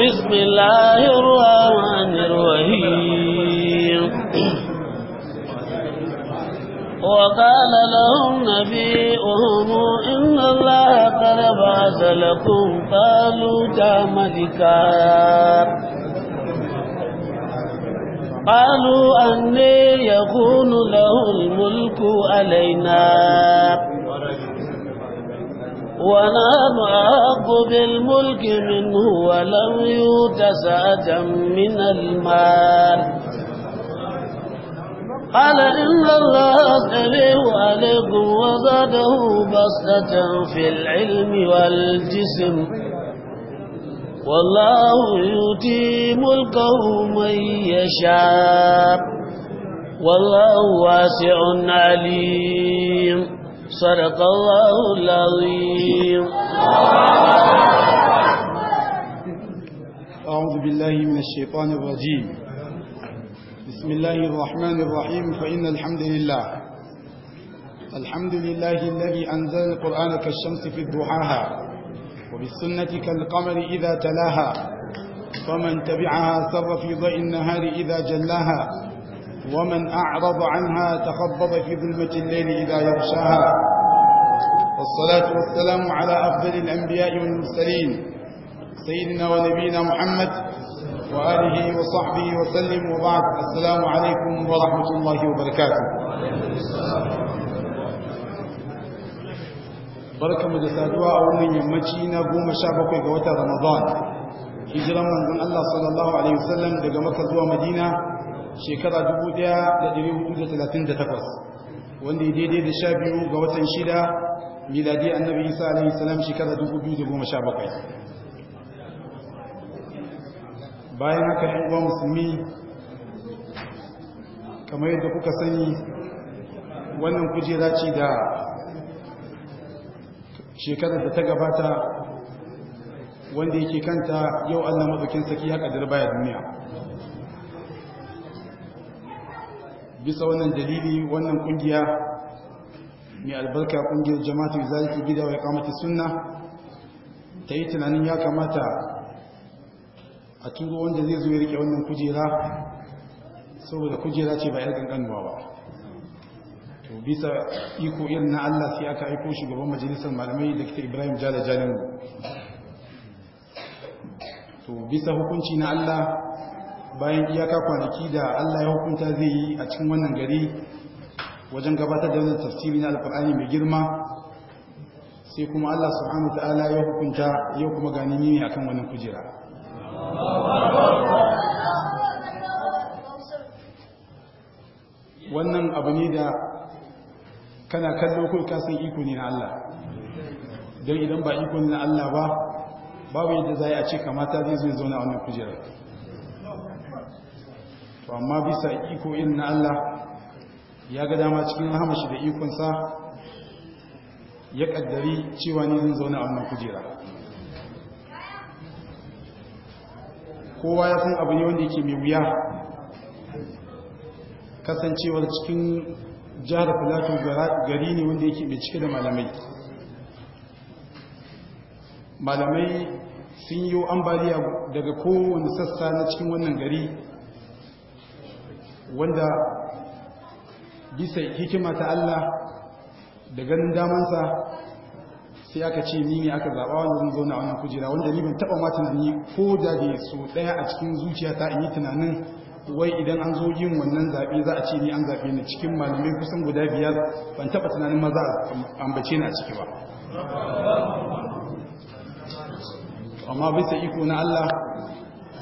بسم الله الرحمن الرحيم وقال لهم نبيهم إن الله قد بعث لكم طالوت ملكا قالوا أن يكون له الملك علينا ونام معاق بالملك منه ولم يوت سعة من المال قال إن الله سميع عليكم وزاده بسطة في العلم والجسم والله يؤتي ملكه من يشاء والله واسع عليم صدق الله العظيم أعوذ بالله من الشيطان الرجيم بسم الله الرحمن الرحيم فإن الحمد لله الحمد لله الذي أنزل القرآن كالشمس في ضحاها وبالسنة كالقمر إذا تلاها فمن تبعها سر في ضوء النهار إذا جلاها ومن أعرض عنها تخبض في ظلمة الليل إذا يغشاها والصلاة والسلام على أفضل الأنبياء والمرسلين سيدنا ونبينا محمد وآله وصحبه وسلم وبعد السلام عليكم ورحمة الله وبركاته بركة مجسادوا أولا يمتشي نقوم شابك وقوة رمضان hijiran من الله صلى الله عليه وسلم Makka zuwa مدينة shekara 1438 wanda ya daidai da sha biyu ga watan shida miladi annabi isa alaihi salam shekara 2017 bayan haka yan uwa musulmi kamar yadda kuka sani wannan kujera ce da shekarar da ta gabata wanda yake kanta yau allah maɗaukin saki haka ƙadir baya duniya bisa wannan dalili wannan kungiya mai albarka kungiyar jama'atu zaliki gida wa iqamati sunna ta yi tunanin ya kamata a turo wanda zai zo ya rike wannan kujera saboda kujera ce ba yar ganganuwa ba to bisa iko irin na Allah sai aka aiko shugaban majalisar malamai Dr. Ibrahim Jala Jalin to bisa hukunci na Allah bayan iyaka kwanaki da Allah ya hukunta zai yi a cikin wannan gari wajen gabatar da wannan tafsiri na alkur'ani mai girma sai kuma Allah subhanahu ta'ala ya hukunta yau kuma gani ne akan wannan kujera wannan abu ne da kana kallo kai ka san iko ne na Allah don idan ba iko ne na Allah ba babu yadda za a ce kamata zai zo zauna wannan kujerar to amma bisa iko irin na Allah ya ga dama cikin rahamashi da ikonsa ya kaddari cewa ni zan zauna a kujera kowa ya san abu ne wanda yake mai wuya kasancewar cikin jihar filato gari ne wanda yake mai cike da malamai malamai sun yi ambaliya daga kowane sassa na cikin wannan gari wanda bisa hikima ta Allah da ganin damansa sai aka ce ni ne aka zaɓa wanda zan zauna wannan kujera wanda ni ban taɓa ma tunani ko da ne so ɗaya a cikin zuciyata in yi tunanin wai idan an zo yin wannan zaɓe za a ce ni an zaɓe ni cikin malamai kusan guda biyar ban taɓa tunanin a ambace ni a ciki ba amma bisa iko na Allah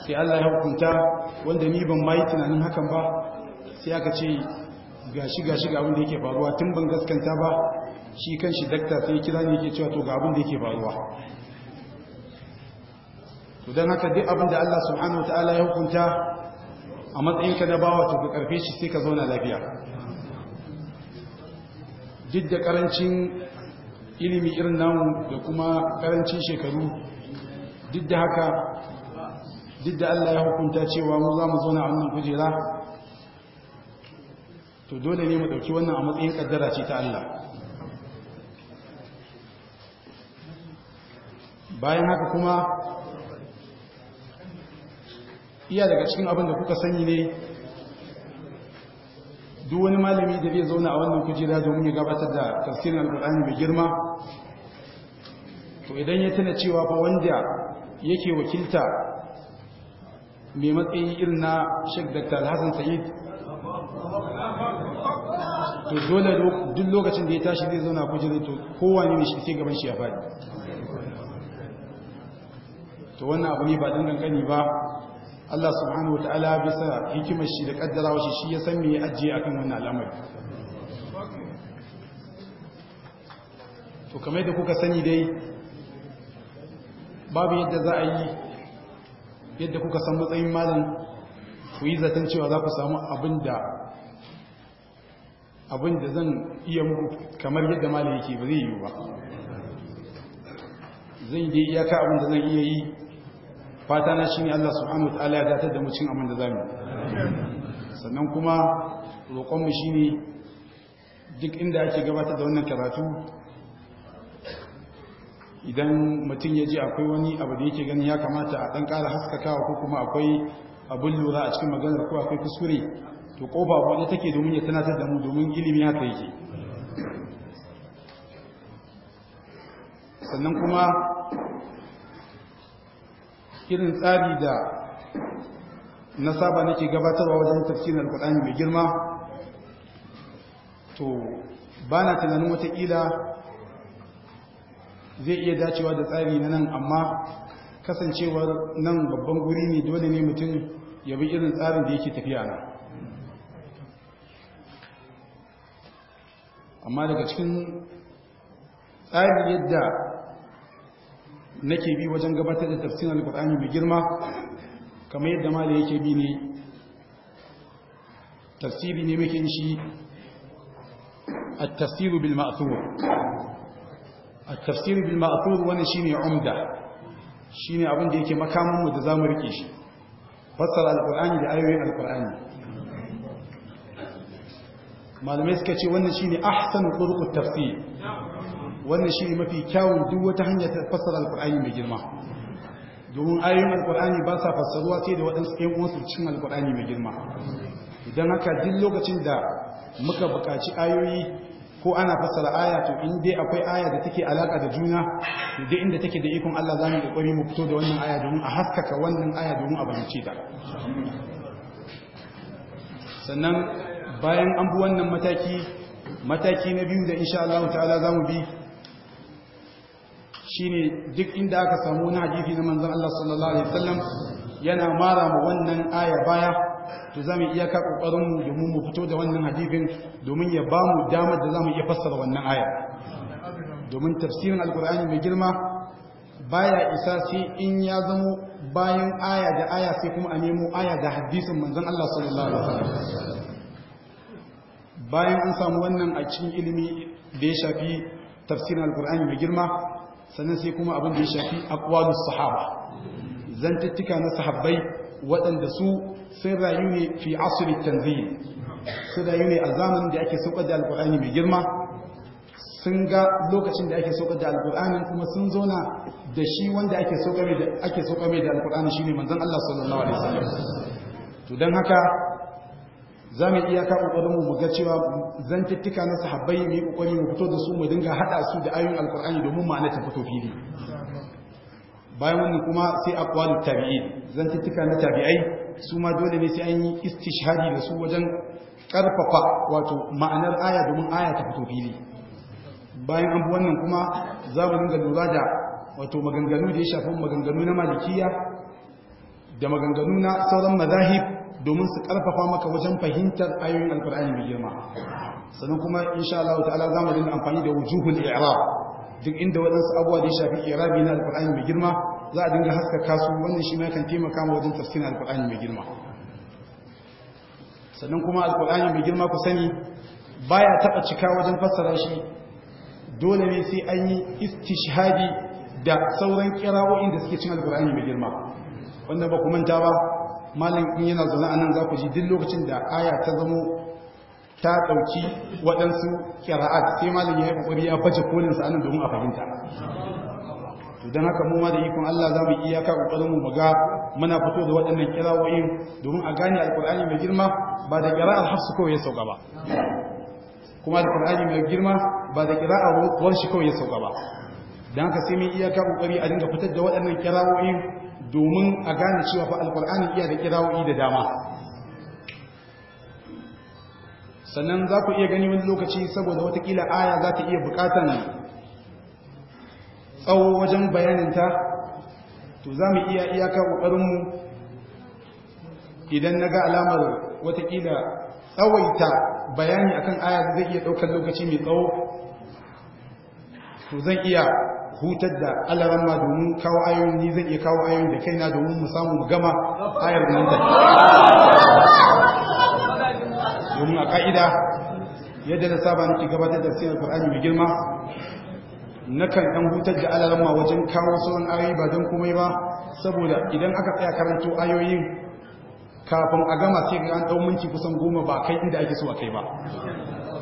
sai Allah ya hukunta wanda ni ban ma yi tunanin hakan ba sai aka ce ga shi ga shi abin da yake faruwa tun ban gaskanta ba shi kan shi dakta sai ya kira ne yake cewa to ga abin da yake faruwa to don haka duk abin da Allah subhanahu wataala ya hukunta a matsayinka na bawa to ka karfe shi sai ka zo na lafiya duk da karancin ilimi irin namu da kuma karancin shekaru duk da haka duk da Allah ya hukunta cewa mu za mu zauna a wannan kujera to dole ne mu ɗauki wannan a matsayin ƙaddara ce ta Allah bayan haka kuma iya daga cikin abin da kuka sani ne duk wani malami da zai zauna a wannan kujera domin ya gabatar da tafsirin alƙur'ani mai girma to idan ya tana cewa fa wanda yake wakilta mai matsayi irin na Sheikh Dr. Hassan Said to dole duk lokacin da ya tashi zai zauna kujeru to kowane ne shi ke gaban shi ya faɗi to wannan abu ne ba dan kankani ba Allah subhanahu wataala bisa hikimar shi da wa shi shi ya san me ya ajiye akan wannan al'amari to kamar da kuka sani dai babu yadda za a yi yadda kuka san matsayin malam ku yi zaton cewa za ku samu abin da abin da zan iya muku kamar yadda malam yake ba zai yi ba zan yi iyaka abin da zan iya yi fata na shine Allah subhanahu Taala ya datar da mu cin abin da sannan kuma roƙon mu ne duk inda ake gabatar da wannan karatu idan mutum ya ji akwai wani abu da yake gani ya kamata a ɗan ƙara haskakawa ko kuma akwai abin lura a cikin maganar ko akwai kuskure to kofa wanda take domin ya tunatar da mu domin ilimi haka yake sannan kuma kirin tsari da na saba nake gabatarwa wajen tafsirin alkur'ani mai girma to ba na tunanin watakila zai iya dacewa da tsari na nan amma kasancewar nan babban guri ne dole ne mutum ya irin tsarin da yake tafiya nan amma daga cikin tsari yadda nake bi wajen gabatar da tafsirin alkur'ani mai girma kamar yadda ma da yake bi ne tafsiri ne muke shi at-tafsiru bil التفسير tafsiru bil بالمأثور wani shine umda shine abin da yake makamin mu da zamu rike shi fassara alqur'ani da ayoyin alqur'ani malamai suka ce wannan shine ahsanu turuqut tafsir wannan ne mafi kyawun duk wata hanya fassara alqur'ani mai girma domin ayoyin alkurani ba sa fassaruwa sai da waɗansu ɗan uwansu cikin alkurani mai girma idan haka duk lokacin da muka buƙaci ayoyi ko ana fassara aya to in dai akwai aya da take alaka da juna to dai inda take da ikon Allah zamu kokari mu fito da wannan aya domin a haskaka wannan aya domin a bayyance ta sannan bayan an bi wannan mataki mataki na biyu da insha Allah ta'ala mu bi shine duk inda aka samu wani hadisi na manzon Allah sallallahu alaihi wasallam yana mara mu wannan aya baya to zamu iya ka kokarin mu domin mu fito da wannan hadisin domin ya bamu damar da zamu iya fassara wannan aya domin tafsirin alkur'ani mai girma baya isa sai in ya zamo bayan aya da aya sai kuma a nemo aya da hadisin manzon Allah sallallahu alaihi wasallam bayan an samu wannan a cikin ilimi da ya shafi tafsirin alkur'ani mai girma sannan sai kuma abin da ya shafi akwalu sahaba zantuttuka na sahabbai waɗanda su sun rayu ne fi asri tanzil sun rayu ne a zamanin da ake saukar da alkur'ani mai girma sun ga lokacin da ake saukar da alkur'anin kuma sun zauna da shi wanda ake saukar mai da alkur'ani shine manzon Allah sallallahu alaihi wasallam to dan haka za mu iya ka kokarin mu ga cewa tattika na sahabbai mu yi kokari mu fito da su mu dinga haɗa su da ayoyin alkur'ani domin ma'ana ta fito fili bayan wannan kuma sai aqwalu tabi'in tattika na tabi'ai su ma dole ne sai an yi istishhadi da su wajen karfafa wato ma'anar aya domin aya ta fito fili bayan an bi wannan kuma za mu dinga lura da wato maganganu da ya shafi maganganu na malikiya da maganganu na sauran mazahib domin su karfafa maka wajen fahimtar ayoyin alkur'ani mai girma sannan kuma insha Allah ta'ala za mu amfani da wujuhul i'rab duk inda waɗansu abubuwa da ya shafi i'rabi na alkur'ani mai girma za a dinga haskaka su wannan shi ma kan taimaka ma wajen tafsirin alkur'ani mai girma sannan kuma alkur'ani mai girma ku sani baya taba cika wajen fassara shi dole ne sai an yi istishhadi da sauran kira'o'in da suke cin alkur'ani mai girma wannan ba ku manta ba malam in yana zaune a nan za ku ji duk lokacin da aya ta zamo ta ɗauki waɗansu ƙira'at sai malam ya yi ƙoƙari ya baje kolin sa nan domin a fahimta don haka mu ma da ikon Allah za mu iyaka ƙoƙarin mu ga muna fito da waɗannan ƙira'o'in domin a gane alƙur'ani mai girma ba da ƙira'ar hafsu kawai ya sauka ba kuma alƙur'ani mai girma ba da ƙira'ar warshi kawai ya sauka ba don haka sai mun iyaka ƙoƙari a dinga fitar da waɗannan ƙira'o'in domin a gane cewa fa alkur'ani iya da kirawoyi da dama sannan za ku iya gani wani lokaci saboda watakila aya za ta iya bukatan tsawo wajen bayaninta to za mu iya iyaka ƙoƙarinmu idan na ga alamar watakila tsawaita bayani akan aya zai iya ɗaukar lokaci mai tsawo to zan iya hutar da alaran ma domin kawo ayoyin ni zai iya kawo ayoyin da kaina domin mu samu gama ayar nan domin a ka'ida yadda na saba nake gabatar da sirrin Qur'ani mai girma nakan dan hutar da alaran ma wajen kawo sauran ayoyi ba don komai ba saboda idan aka tsaya karanto ayoyin kafin a gama sai ga an dau minti kusan goma ba kai inda ake so a kai ba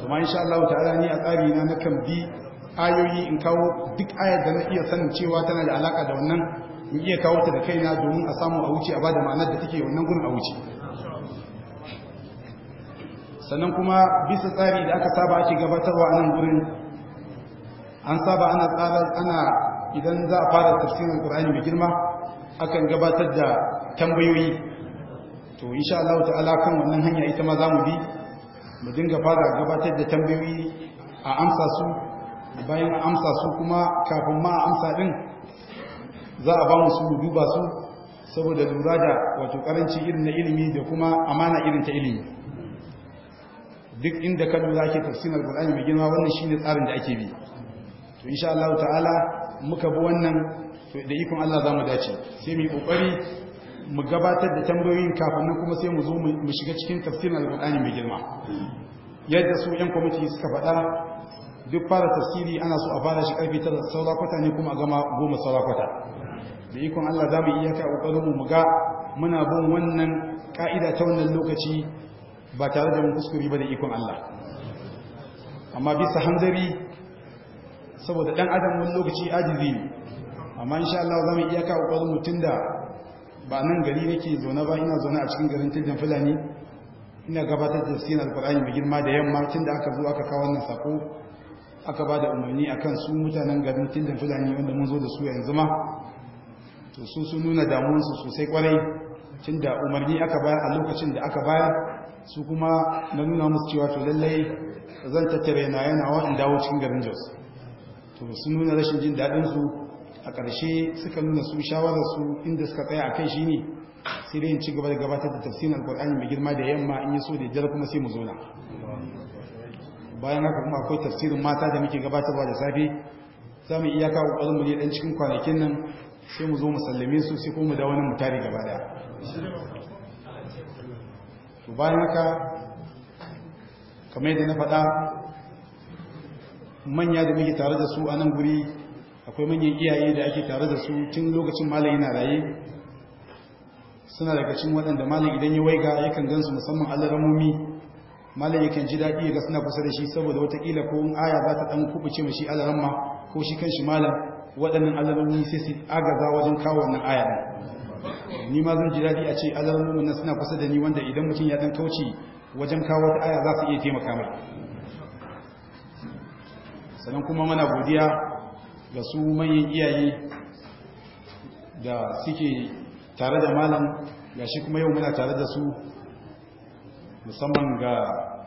kuma insha Allah ta'ala ni a tsari na nakan bi ayoyi in kawo duk ayar da na iya sanin cewa tana da alaka da wannan in iya kawo ta da kai na domin a samu a wuce a bada ma'anar da take wannan gurin a wuce sannan kuma bisa tsari da aka saba ake gabatarwa a nan gurin an saba ana tsara ana idan za a fara tafsirin qur'ani mai girma akan gabatar da tambayoyi to insha Allah ta'ala kan wannan hanya ita ma za mu bi mu dinga fara gabatar da tambayoyi a amsa su bayan a amsa su kuma kafin ma amsa din za a ba mu su duba su saboda lura da wato karanci irin na ilimi da kuma amana irin ta ilimi duk inda ka lura ake tafsirin alqur'ani mai girma wannan shine tsarin da ake bi to insha Allah ta'ala muka bi wannan da ikon Allah zamu dace sai mu yi kokari mu gabatar da tambayoyin kafin nan kuma sai mu zo mu shiga cikin tafsirin alqur'ani mai girma yadda su yan kwamiti suka faɗa duk fara tasiri ana so a fara shi karfe saura saurakwata ne kuma a gama goma saurakwata da ikon Allah za mu iya ka ƙoƙarin mu ga muna bin wannan ƙa'ida ta wannan lokaci ba tare da mun kuskure ba da ikon Allah amma bisa hanzari saboda ɗan adam wani lokaci ajizi ne amma insha Allah za mu iya ka mu tun da ba nan gari nake zaune ba ina zaune a cikin garin Tijjan fulani ina gabatar da tafsirin alkur'ani mai girma da yamma tun da aka zo aka kawo wannan sako aka ba da umarni a kan su mutanen garin tinda fulani wanda mun zo da su yanzu ma to su sun nuna damuwarsu sosai kwarai tinda da umarni aka bayar a lokacin da aka bayar su kuma na nuna musu cewa to lallai zan tattare na yana in dawo cikin garin jos to sun nuna rashin jin daɗinsu a ƙarshe suka nuna su shawararsu inda suka tsaya a kai shi ne sai dai ci gaba da gabatar da tafsirin alƙur'ani mai girma da yamma in yi so da jar kuma sai mu zo na bayan haka kuma akwai tafsirin mata da muke gabatarwa da safe za mu iya kawo mu ne ɗan cikin kwanakin nan sai mu zo mu sallame su sai kuma da wani mu tare gaba da bayan haka kamar yadda na faɗa manya da muke tare da su a nan guri akwai manyan iyaye da ake tare da su tun lokacin malam yana raye suna daga cikin waɗanda malam idan ya waiga yakan gansu musamman alaramomi malam yakan ji daɗi ga suna kusa da shi saboda watakila ko aya za ta ɗan kubuce mashi alaramma ko shi kan shi malam waɗannan alarammi sai su agaza wajen kawo wannan aya ni ma zan ji daɗi a ce alarammi na suna kusa da ni wanda idan mutum ya ɗan kauce wajen kawo wata aya za su iya taimaka mai sannan kuma mana godiya ga su manyan iyaye da suke tare da malam gashi kuma yau muna tare da su musamman ga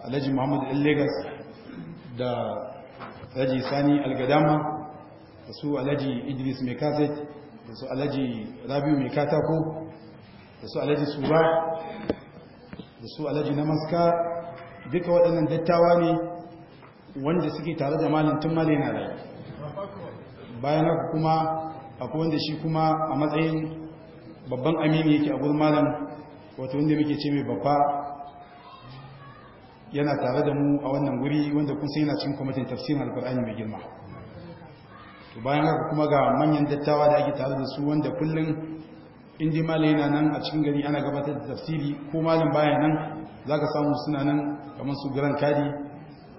alhaji muhammadu ɗan Legas da alhaji sani algadama da su alhaji idris mai kaset da su alhaji rabiu mai katako da su alhaji Suwa da su alhaji na maska duka waɗannan dattawa ne wanda suke tare da malin tun male na rai bayan haka kuma akwai wanda shi kuma a matsayin babban amini yake a gurin malam wato wanda muke ce mai babba yana tare da mu a wannan guri wanda kun sai yana cikin kwamitin tafsirin alkur'ani mai girma to bayan haka kuma ga manyan dattawa da ake tare da su wanda kullum in dai malai nan a cikin gari ana gabatar da tafsiri ko malam baya nan za ka samu suna nan kamar su giran kadi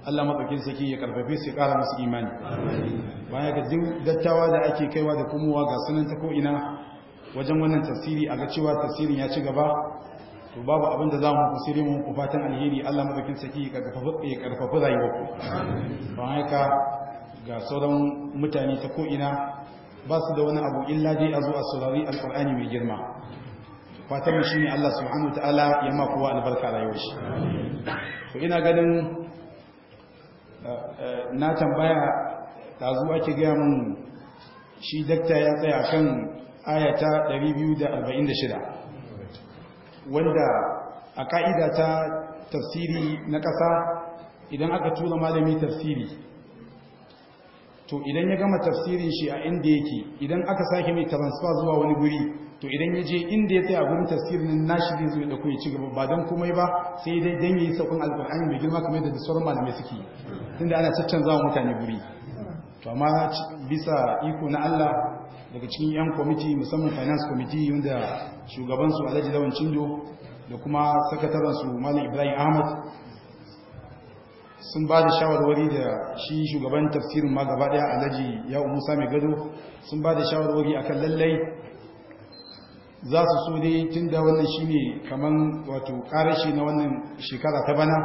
allah matsakin saki ya karfafe su ya kara musu imani bayan ga duk dattawa da ake kaiwa da komowa ga sunan ta ko'ina wajen wannan tafsiri a ga cewa tafsirin ya ci gaba to babu abin da zamu kusiri mu ku fatan alheri Allah madaukin saki ka karfafa ya karfafa rayuwar ku don haka ga sauran mutane ta ko ina ba su da wani abu illa dai a zuwa a saurari alqur'ani mai girma fatan mu shine Allah subhanahu wataala ya ma kowa albarka rayuwar shi to ina ganin eh, eh, na tambaya dazu ake ga mun shi dakta ya tsaya kan ayata 246 wanda a ka'ida ta tafsiri na ƙasa idan aka tura malami tafsiri to idan ya gama tafsirin shi a inda yake idan aka sake mai transfer zuwa wani guri to idan ya je inda ya a gurin tafsirin nashi zai zo ya dauko ya ci gaba ba don komai ba sai dai dan yi saukan alqur'ani mai girma kamar yadda sauran malamai suke tunda ana caccanzawa mutane guri to amma bisa iko na Allah daga cikin yan kwamiti musamman finance committee da shugabansu alhaji lawan cindo da kuma sakatarensu malam ibrahim ahmad sun ba da shawarwari da shi shugaban tafsirin ma gaba daya alhaji yau musa mai gado sun ba da shawarwari akan lallai za su so dai tun da wannan shi ne kamar wato karashi na wannan shekara ta bana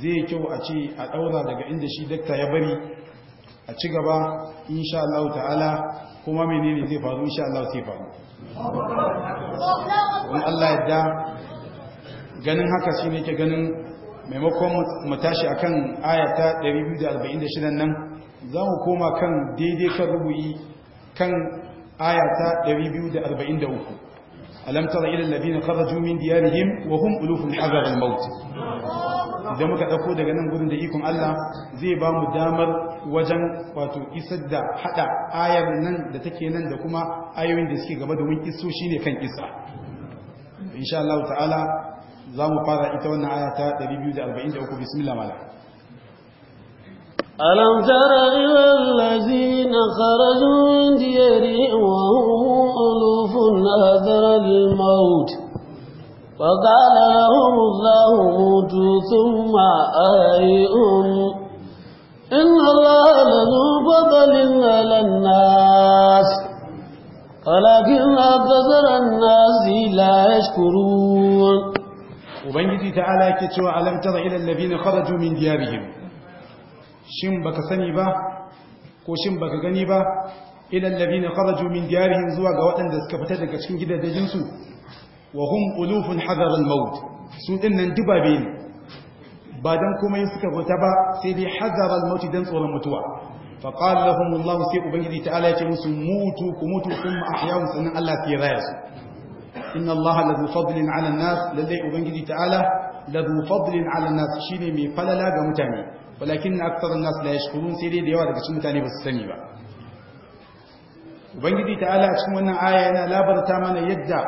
zai kyau a ce a daura daga inda shi dakta ya bari a ci gaba insha Allah ta'ala kuma menene zai faru insha Allah sai faru in Allah ya da ganin haka shi ne ke ganin maimakon mu tashi akan ayata 246 nan za mu koma kan daidai kan rubuyi kan ayata 243 alam tara ila alladhina kharaju min diyarihim wa hum ulufun hadar al-maut idan muka ɗauko daga nan gudun da ikon Allah zai ba mu damar wajen wato isar da haɗa ayar nan da take nan da kuma ayoyin da suke gaba domin iso shi ne kan isa insha Allah ta'ala za mu fara ita wannan aya ta 243 bismillah malam ألم تر إلى الذين خرجوا من ديارهم وهم ألوف أذر الموت فقال لهم الله موتوا ثم أحيئهم إن الله لذو فضل على الناس ولكن أكثر الناس لا يشكرون Ubangiji ta'ala ke cewa alam tara ila allazina kharaju min diyarihim shin baka sani ba ko shin baka gani ba ila na kharaju min diyarihim zuwa ga waɗanda suka fita daga cikin gidajensu wa hum ulufun hadar al-maut su dinnan dubabe ba dan komai suka fita ba sai dai hadar al-maut dan tsoron mutuwa fa qala lahum Allah sai ubangiji ta'ala ya ce musu mutu ku mutu kuma ahya'u sannan Allah sai raya su inna Allah ladhu fadlin 'ala an ta'ala ladhu fadlin 'ala shine mai falala ga mutane sai dai da daga cikin mutane ba su sani ba ubangiji ta'ala a cikin wannan aya yana labarta mana yadda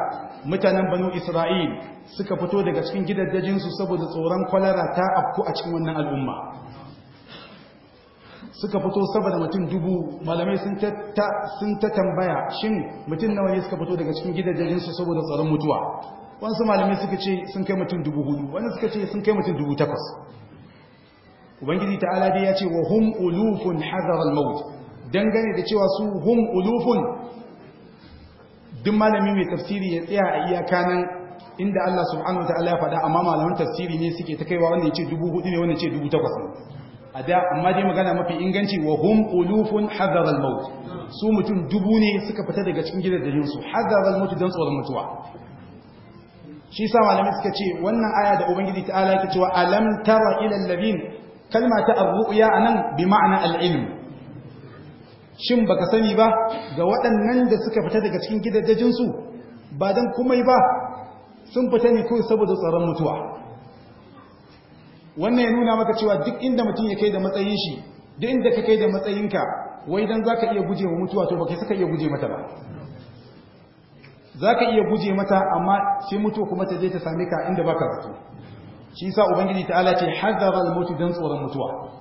mutanen banu isra'il suka fito daga cikin gidajensu saboda tsoron kwalara ta afku a cikin wannan al'umma suka fito saboda mutum dubu malamai sun ta tambaya shin mutum nawa ne suka fito daga cikin gidajensu saboda tsoron mutuwa wasu malamai suka ce sun kai mutum dubu hudu wani suka ce sun kai mutum dubu takwas ubangiji ta'ala dai ya ce wa hum ulufun hazar al-maut dangane da cewa su hum ulufun duk malami mai tafsiri ya tsaya a iyaka nan inda Allah subhanahu wataala ya faɗa amma malaman tafsiri ne suke ta kaiwa wanda ya ce dubu hudu ne wanda ce dubu takwas ne a da amma dai magana mafi inganci wa hum ulufun hadar al-maut su mutum dubu ne suka fita daga cikin da su hadar al-maut dan tsoron mutuwa shi sa malamai suka ce wannan aya da ubangiji ta'ala yake cewa alam tara ila al-ladin kalma ta ar-ru'ya anan bi ma'ana al-ilm shin baka sani ba ga waɗannan da suka fita daga cikin gidajensu ba don komai ba sun fita ne kawai saboda tsaron mutuwa wannan ya nuna maka cewa duk inda mutum ya kai da matsayin shi duk inda ka kai da matsayinka wai don za ka iya guje wa mutuwa to baka saka iya guje mata ba Za ka iya guje mata amma sai mutuwa kuma ta je ta same ka inda baka zato shi yasa ubangiji ta'ala ce hadara al don tsoron mutuwa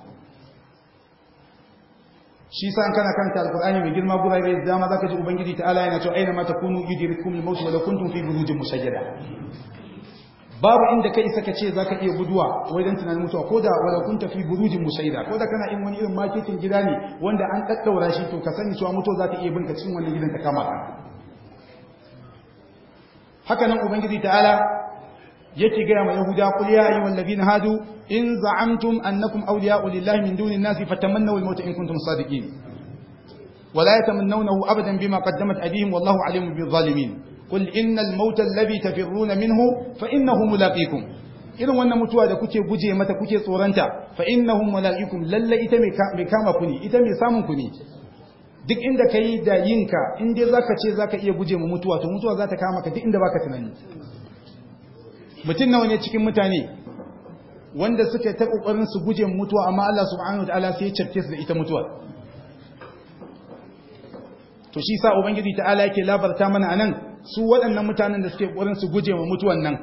shi san kana kanta alqur'ani mai girma gura bai dama zaka ji ubangiji ta'ala yana cewa aina ma takunu yudrikum al-maut wa kuntum fi burujin musajjada babu inda kai saka ce zaka iya guduwa wai dan tunanin mutuwa koda wala kunta fi burujin musayda koda kana in wani irin marketing gida ne wanda an daddaura shi to ka sani cewa mutuwa zaka iya binka cikin wannan gidan ta kama haka nan ubangiji ta'ala yake gaya ma yahuda kul ya ayyuhal ladina hadu in za'amtum annakum awliya'u lillahi min duni an-nasi fatamannaw al-maut in kuntum sadiqin ولا يتمنونه أبدا بما قدمت أيديهم والله عليم بالظالمين قل إن الموت الذي تفرون منه فإنه ملاقيكم irin wannan mutuwa da kuke guje mata kuke tsoranta fa innahum malaikum lalla ita mai kama ku ne ita mai samun ku ne duk inda kai da yinka in dai zaka ce zaka iya guje mu mutuwa to mutuwa za ta kama ka duk inda baka tunani mutum nawa ne cikin mutane wanda suka ta kokarin su guje mutuwa amma Allah subhanahu wataala sai ya cafke su da ita mutuwa to shi sa ubangiji ta'ala yake labarta mana anan su waɗannan mutanen da suke kokarin su guje wa mutuwan nan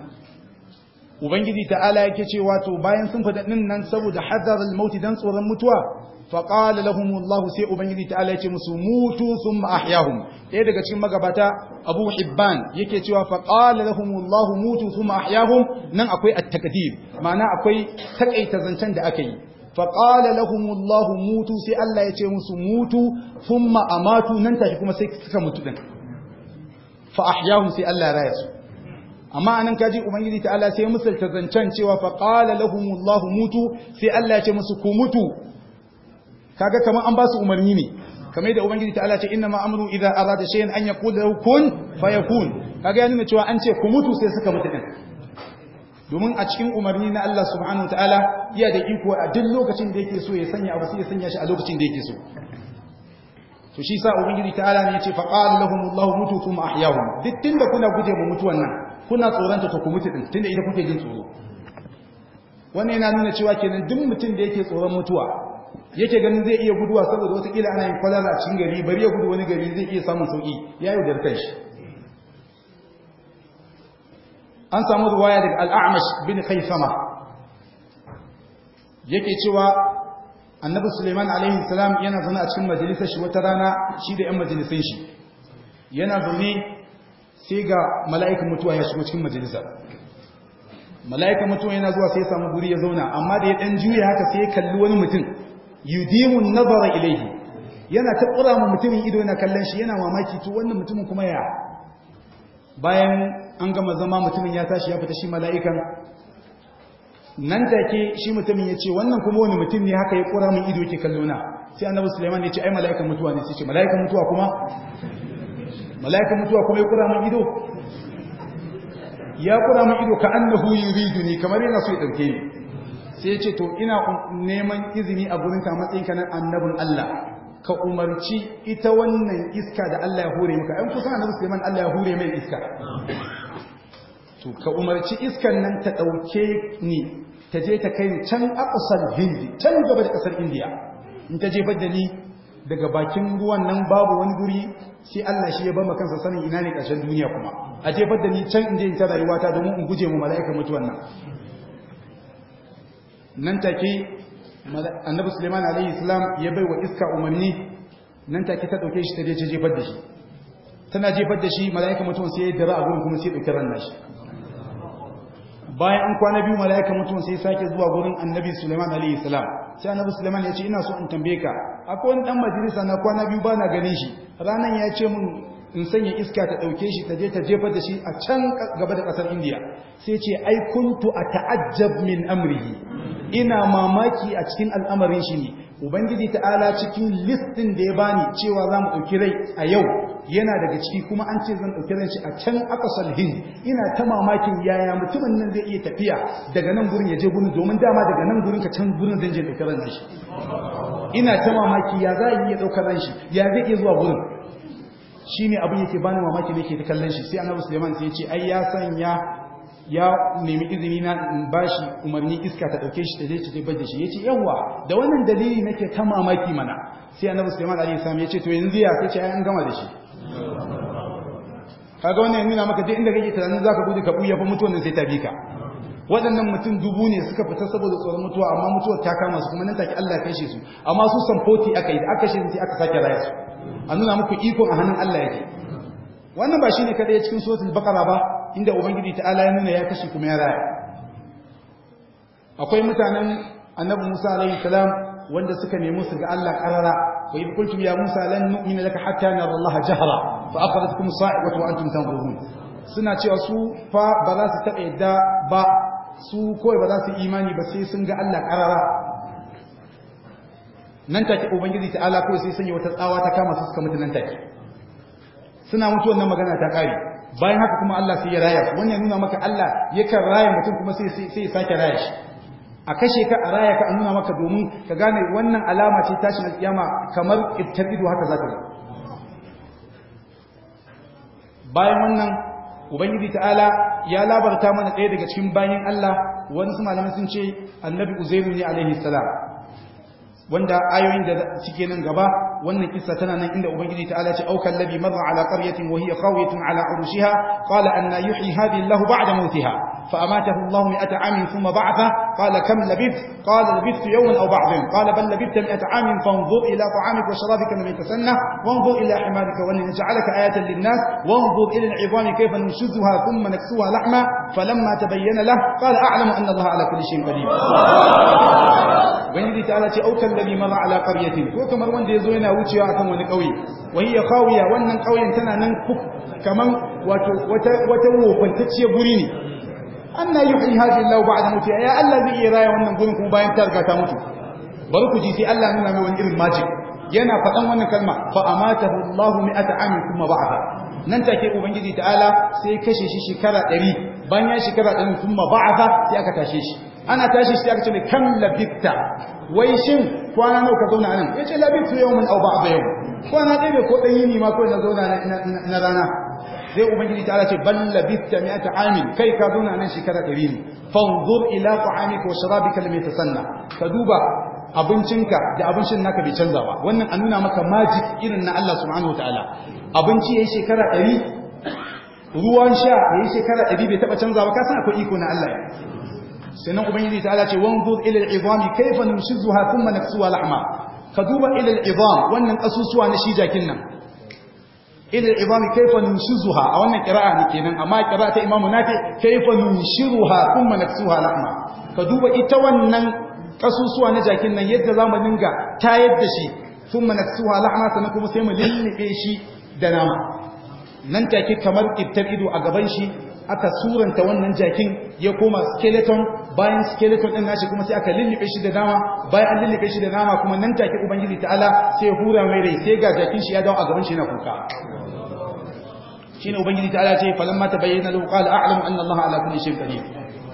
ubangiji ta'ala yake cewa to bayan sun fada nan saboda hadarul maut dan tsoron mutuwa faƙala lahumullahu sai ubangiji ta ala ce musu mutu sun ma'ahyahun ɗaya daga cikin magabata abu hibban yake cewa faƙala lahumullahu mutu sun ma'ahyahun nan akwai attakadir ma'ana akwai taƙaita zancen da aka yi faƙala lahumullahu mutu sai allah ya ce musu mutu sun ma'amatu nan tashi kuma sai suka mutu sai allah amma anan kaji ubangiji ta ala sai musulta zancen cewa faƙala lahumullahu mutu sai allah ya ce musu ku mutu kaga kamar an ba su umarni ne kamar da ubangiji ta Allah ce inna ma amru idza arada shay'an an yaqula lahu kun fayakun kaga yana cewa an ce ku mutu sai suka mutu din domin a cikin umarni na Allah subhanahu wataala iya da iko a duk lokacin da yake so ya sanya abu sai ya sanya shi a lokacin da yake so to shi sa ubangiji ta'ala ne fa faqala lahum Allahu mutu thumma ahyahum duk tunda kuna guje mu mutuwan nan kuna tsoranta ta ku mutu din tunda idan kuke jin tsoro wannan yana nuna cewa kenan duk mutum da yake tsoron mutuwa yake ganin zai iya guduwa saboda wataƙila ana yin kwalala a cikin gari bari ya gudu wani gari zai iya samun sauki ya yi kai. shi an samu ruwaya daga al'amash bin kaisama yake cewa annabi suleiman alaihi salam yana zaune a cikin majalisar shi wata rana shi da 'yan majalisun shi yana zaune sai ga mala'ikan mutuwa ya shigo cikin majalisar mala'ikan mutuwa yana zuwa sai ya samu guri ya zauna amma da ya ɗan juya haka sai ya kalli wani mutum yudimun nazara ilaihi yana ta ƙura ma mutumin ido yana kallon shi yana mamaki to wannan mutumin kuma ya bayan an gama zama mutumin ya tashi ya fita shi mala'ikan nan take shi mutumin ya ce wannan kuma wani mutum ne haka ya ƙura min ido ke kallo na sai annabi Sulaiman ya ce ai mala'ikan mutuwa ne sai ce mala'ikan mutuwa kuma mala'ikan mutuwa kuma ya ƙura min ido ya ƙura min ido ka annahu yuriduni kamar yana so ya dauke ni sai ya ce to ina neman izini a gurinka matsayin na annabin Allah ka umarci ita wannan iska da Allah ya hore maka ɗan kusa na Suleiman Allah ya hore mai iska to ka umarci iskan nan ta ɗauke ni ta je ta kai can a ƙasar hindi can gaba da ƙasar Indiya in ta jefar da ni daga bakin ruwan nan babu wani guri sai Allah shi ya bama kansa sanin ina ne ƙarshen duniya kuma a jefar da ni can in je in ta rayuwata domin in guje mu mala'ikar mutuwan nan nan take annabi suleiman alaihi salam ya bai wa iska umarni nan take ta dauke shi ta je jefar da shi tana jefar da shi mala'ika mutum sai ya dara a gurin kuma sai dauke ran nashi bayan an kwana biyu mala'ika mutum sai sake zuwa gurin annabi suleiman alaihi salam sai annabi suleiman ya ce ina so in tambaye ka akwai wani dan majalisa na kwana biyu ba na ganin shi ranan ya ce mun in sanya iska ta ɗauke shi ta je ta jefar da shi a can gaba da kasar indiya sai ce ai kuntu a ta'ajjab min amrihi ina mamaki a cikin al'amarin shi ne ubangiji ta'ala cikin listin da ya bani cewa za mu ɗauki rai a yau yana daga ciki kuma an ce zan ɗauki rai a can akasal hind ina ta mamakin yaya mutumin nan zai iya tafiya daga nan gurin ya je gurin domin dama daga nan gurin ka can gurin zan je ɗauki rai ina ta mamaki ya za a iya ɗaukar ran shi ya zai iya zuwa gurin shi ne abin yake bani mamaki da yake ta kallon shi sai annabi suleiman sai ya ce ai ya sanya ya nemi izini na bashi umarni iska ta dauke shi ta je ta zubar da shi yace yawa da wannan dalili nake ta mamaki mana sai annabi Sulaiman sami salam yace to yanzu ya sai ce ai an gama da shi kaga wannan yana maka duk inda kake tunanin zaka gudu ka buya fa mutuwan sai ta bi ka waɗannan mutum dubu ne suka fita saboda tsoron mutuwa amma mutuwar ta kama su kuma nan take Allah ya kashe su amma su samfoti aka yi da aka shi su aka sake raya su A nuna muku ikon a hannun Allah yake wannan ba shine kadai cikin suratul baqara ba inda ubangiji ta'ala ya nuna ya kashe kuma ya raya akwai mutanen annabi Musa alaihi salam wanda suka nemi su ga Allah karara wa idh ya Musa lan nu'mina laka hatta nara Allah jahra fa akhadhatkum sa'ibatu wa antum tanzurun suna cewa su fa ba za su taɓa yadda ba su kawai ba za su imani ba sai sun ga Allah karara nan take ubangiji ta Ala kawai sai sanya wata tsawa ta kama su suka mutu nan take suna mutu wannan magana ta kare bayan haka kuma Allah sai ya raya su wannan nuna maka Allah yakan raya mutum kuma sai sai ya sake raya shi a kashe ka a raya ka a nuna maka domin ka gane wannan alama ce tashin alkiyama kamar ibtar ido haka za ta bayan wannan ubangiji ta'ala ya labarta mana ɗaya daga cikin bayan Allah wani su sun ce annabi uzairu ne alaihi salam wanda ayoyin da suke nan gaba wannan kissa tana nan inda ubangiji ta'ala ce auka labi marra ala qaryatin wa hiya qawiyatun ala urushiha qala anna yuhyi hadhihi Allah ba'da mawtiha فأماته الله مئة عام ثم بعثه قال كم لبثت قال لبثت يوما أو بعضا قال بل لبثت مئة عام فانظر إلى طعامك وشرابك لم يتسنه وانظر إلى حمارك ولنجعلك آية للناس وانظر إلى العظام كيف ننشزها ثم نكسوها لحما فلما تبين له قال أعلم أن الله على كل شيء قدير ubangiji ta ce aukan labi maza ala qaryatin ko kamar wanda yazo yana wucewa akan wani kauye wahiya qawiya wannan kauyen tana nan kaman wato wata wata wofantacciyar guri ne anna yuhyi hadhihi Allah ba'da mutiha ya Allah zai iya raya wannan gurin kuma bayan ta riga ta mutu bari ku ji sai Allah nuna mai wani irin magic yana faɗan wannan kalma fa amatahu Allah mi'ata amin kuma ba'da nan take ubangiji ta'ala sai kashe shi shekara 100 bayan ya shekara 100 kuma ba'da sai aka tashe shi ana tashi sai aka ce mai kam labitta wai shin kwana nawa ka zauna nan yace labittu yawmin aw ba'da yawm kwana ɗaya ko ɗan yini ma ko na zauna na rana sai ubangiji ta ala ce balla bitta mi'ata amin kai ka zauna nan shekara ɗari ne fanzur ila ta'amika wa sharabika lam yatasanna ka duba abincinka da abincin naka bai canza ba wannan an nuna maka magic irin na Allah subhanahu wataala abinci yayi shekara ɗari ruwan sha yayi shekara ɗari bai taɓa canza ba ka san akwai iko na Allah sannan ubangiji ta ala ce wanzur ila al'izami kayfa nushizuha thumma naksuha lahma ka duba ila al'izam wannan kasusuwa na shi jakin nan ila al-idami kayfa a wannan qira'a ne kenan amma qira'a ta imamu nafi kayfa nunshiruha thumma naksuha lahma ka duba ita wannan kasusuwa na jakin nan yadda zamu dinga ta da shi thumma naksuha lahma sannan kuma sai mu lillibe shi da nama nan take kamar kittar ido a gaban shi aka suranta wannan jakin ya koma skeleton bayan skeleton din nashi kuma sai aka lullube shi da nama bayan an lullube shi da nama kuma nan take ubangiji ta'ala sai hura mai rai sai ga jakin shi ya dawo a gaban shi yana kuka shine ubangiji ta'ala ce falamma tabayyana lahu qala a'lamu anna allaha ala kulli shay'in qadir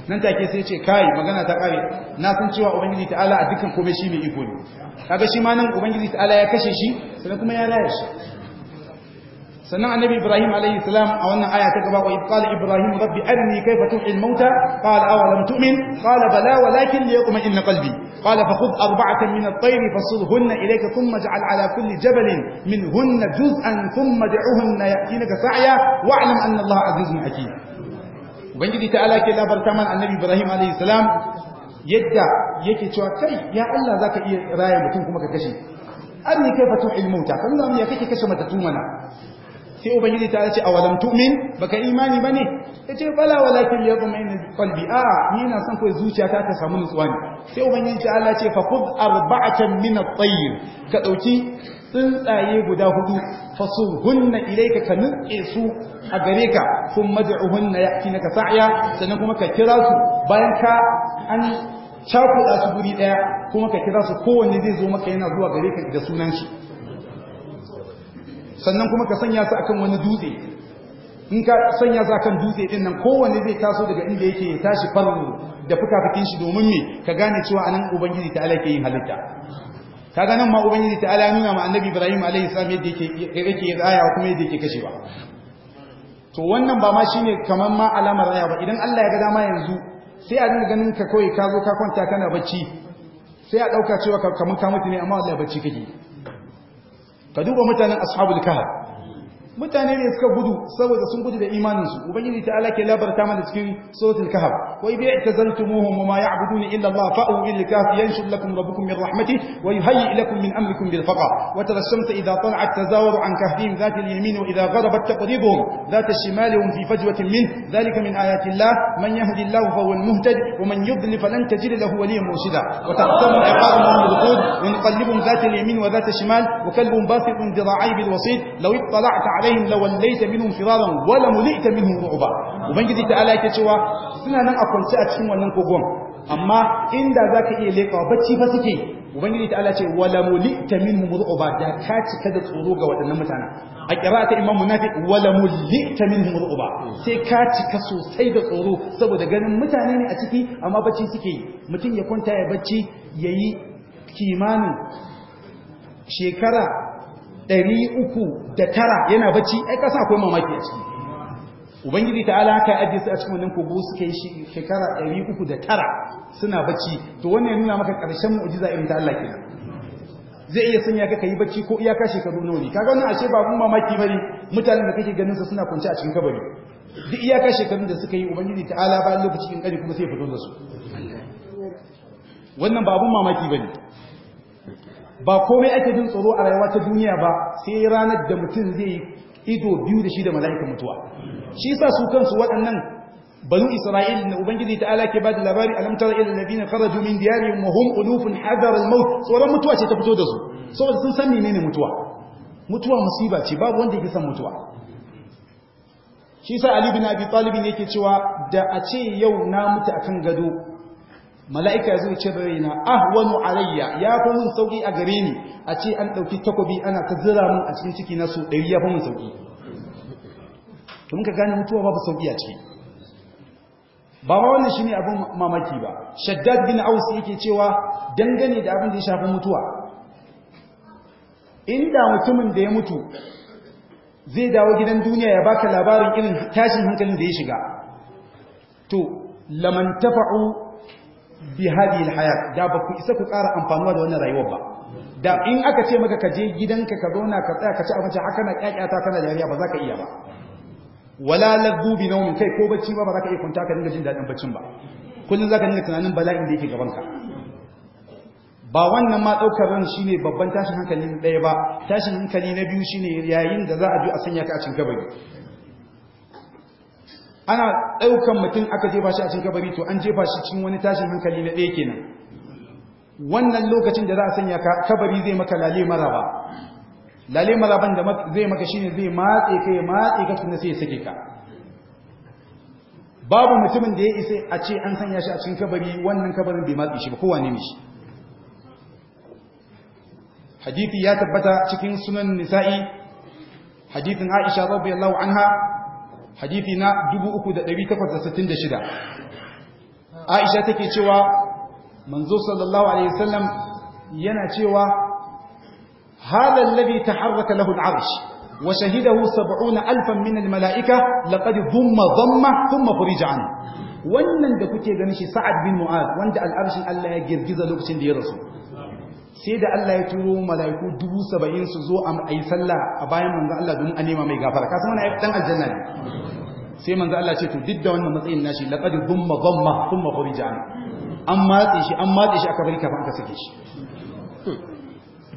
nan take sai ce kai magana ta kare na san cewa ubangiji ta'ala a dukkan komai shi mai iko ne kaga shi ma nan ubangiji ta'ala ya kashe shi sai kuma ya laye shi sannan annabi ibrahim alayhi salam a wannan aya ta gaba wa qala ibrahim rabbi arni kayfa tuhil mauta qala aw lam tu'min qala bala walakin liyaqma in qalbi qala fakhudh arba'atan min at-tayr fasulhunna ilayka thumma ij'al ala kulli jabalin minhunna juz'an thumma da'uhunna ya'tinaka sa'ya wa'lam anna allaha azizun hakim ubangiji ta'ala ke labarta man annabi ibrahim alayhi salam yadda yake cewa kai ya Allah zaka iya raya mutum kuma ka kashe arni kaifa tuhil mauta kan zamu ya kake kashe matatu mana sai ubangiji ta ce a awalam tu'min baka imani bane yace bala walakin yatma'innu qalbi a ni na san kai zuciya ta samu nutsuwa ne sai ubangiji ta Allah ce fa khudh arba'atan min at-tayr ka dauki tsuntsaye guda hudu fasuhunna ilayka ka nutse su a gare ka kuma mad'uhunna yatinaka sa'ya sannan kuma ka kira su bayan ka an cakuɗa su guri ɗaya kuma ka kira su kowanne zai zo maka yana zuwa gare ka da sunan shi sannan kuma ka sanya su akan wani dutse in ka sanya su akan dutse din nan kowanne zai taso daga inda yake ya tashi farru da fukafukin shi domin me ka gane cewa anan ubangiji ta ala yin halitta ka nan ma ubangiji ta ala nuna ma annabi ibrahim alaihi salam yadda yake yake tsaya kuma yadda yake kashewa to wannan ba ma shine kaman ma alamar raya ba idan Allah ya ga dama yanzu sai a dinga ganin ka kawai ka zo ka kwanta kana bacci sai a dauka cewa kaman ka mutu ne amma wallahi bacci kake ka duba mutanen ashabul kahf mutane ne suka gudu saboda sun gudu da imaninsu ubangiji ta alake labarta mana cikin suratul kahf wa idh i'tazaltumuhum wa ma ya'buduna illa Allah fa'u bil kahfi yanshur lakum rabbukum min rahmatihi wa yuhayyi lakum min amrikum bil faqa wa tara shamsa idha tala'at tazawaru an kahfihim dhat al-yamin wa idha gharabat taqribuhum dhat ash-shimali hum fi fajwatin min dhalika min ayati Allah man yahdi Allah fa huwa al-muhtad wa man yudlil fa lan tajid lahu waliyan murshida wa taqtamu iqamuhum bil-qud wa inqalibum dhat al-yamin wa dhat ash-shimal wa kalbun basitun dhira'ayhi bil wasit law ittala'ta alaihim lawallaita minhum firaran wala mulita minhum ru'ba ubangiji ta ala cewa suna nan a kwance a cikin wannan kogon amma inda zaka iya lekawa bacci fa suke ubangiji ta ala ce wala mulita minhum ru'ba da ka cika da tsoro ga wadannan mutanen a qira'atul imam munafiq wala mulita minhum ru'ba sai ka cika sosai da tsoro saboda ganin mutane ne a ciki amma bacci suke yi mutum ya kwanta ya bacci yayi kimanin shekara tara yana bacci ai kasa akwai mamaki a ciki ubangiji ta alaka ajiye su a cikin wannan kogo suka yi shekara tara suna bacci to wannan ya nuna maka karshen mu'jiza irin ta Allah kenan zai iya sanya ka kai bacci ko iyaka shekaru nawa ne kaga wannan ashe ba mun mamaki bane mutanen da kake ganin su suna kwance a cikin kabari duk iyaka shekarun da suka yi ubangiji ta ala ba lokacin in kare kuma sai ya fito da su wannan ba abun mamaki bane ba komai ake jin tsoro a rayuwa ta duniya ba sai ranar da mutum zai yi ido biyu da shi da mala'ika mutuwa shi yasa su kansu waɗannan banu isra'il na ubangiji ta'ala ke da labari alam tara ila alladhina kharaju min diyarihim wa hum ulufun hadar al-maut tsoron mutuwa ce ta fito da su saboda sun san menene mutuwa mutuwa musiba ce babu wanda yake san mutuwa shi sa ali bin abi talib ne yake cewa da a ce yau na mutu akan gado mala'ika zai ce raina ahwanu alayya ya fi mun sauki a gare ni a ce an ɗauki takobi ana ta zira mun a cikin ciki na su ɗari ya fi mun sauki mun ka gane mutuwa babu sauki a ciki ba ma wannan shi ne abin mamaki ba shaddad bin aus yake cewa dangane da abin da ya shafi mutuwa inda mutumin da ya mutu zai dawo gidan duniya ya baka labarin irin tashin hankalin da ya shiga to lamantafa'u. fi hadhihi alhayat da ba ku isa ku ƙara amfanuwa da wannan rayuwar ba da in aka ce maka ka je gidanka ka zauna ka tsaya ka ci abinci haka na ta kana dariya ba za ka iya ba wala ladhu bi nawmin kai ko bacci ba ba za ka iya kwanta ka dinga jin dadin baccin ba kullum za ka dinga tunanin bala'in da yake gaban ka ba wannan ma daukar ran shine babban tashin hankali na daya ba tashin hankali na biyu shine yayin da za a biyu a sanya ka a cikin gabari. ana ɗaukan mutum aka jefa shi a cikin kabari to an jefa shi cikin wani tashin hankali na ɗaya kenan wannan lokacin da za a sanya kabari zai maka lale maraba lale maraban da zai maka shine zai matse ka ya matse ka tunda sai ya sake ka babu mutumin da ya isa a ce an sanya shi a cikin kabari wannan kabarin bai matse shi ba kowa ne shi hadithi ya tabbata cikin sunan nisa'i hadithin aisha radiyallahu anha hadithi na 3866 Aisha take cewa manzo sallallahu alaihi wasallam yana cewa hadha alladhi taharraka lahu al-arsh wa shahidahu 70000 min al-mala'ika laqad dhumma dhamma thumma furija an wannan da kuke ganin shi sa'ad bin mu'ad wanda al Allah ya girgiza lokacin da ya rasu sai da Allah ya turo mala'iku dubu saba'in su zo a yi sallah a bayan manzo Allah domin a nema mai gafara kasan wani dan aljanna ne sai manzo Allah ce to duk da wannan matsayin nashi laqad dhumma dhamma thumma khurija an matse shi an matse shi aka bari kafin aka sake shi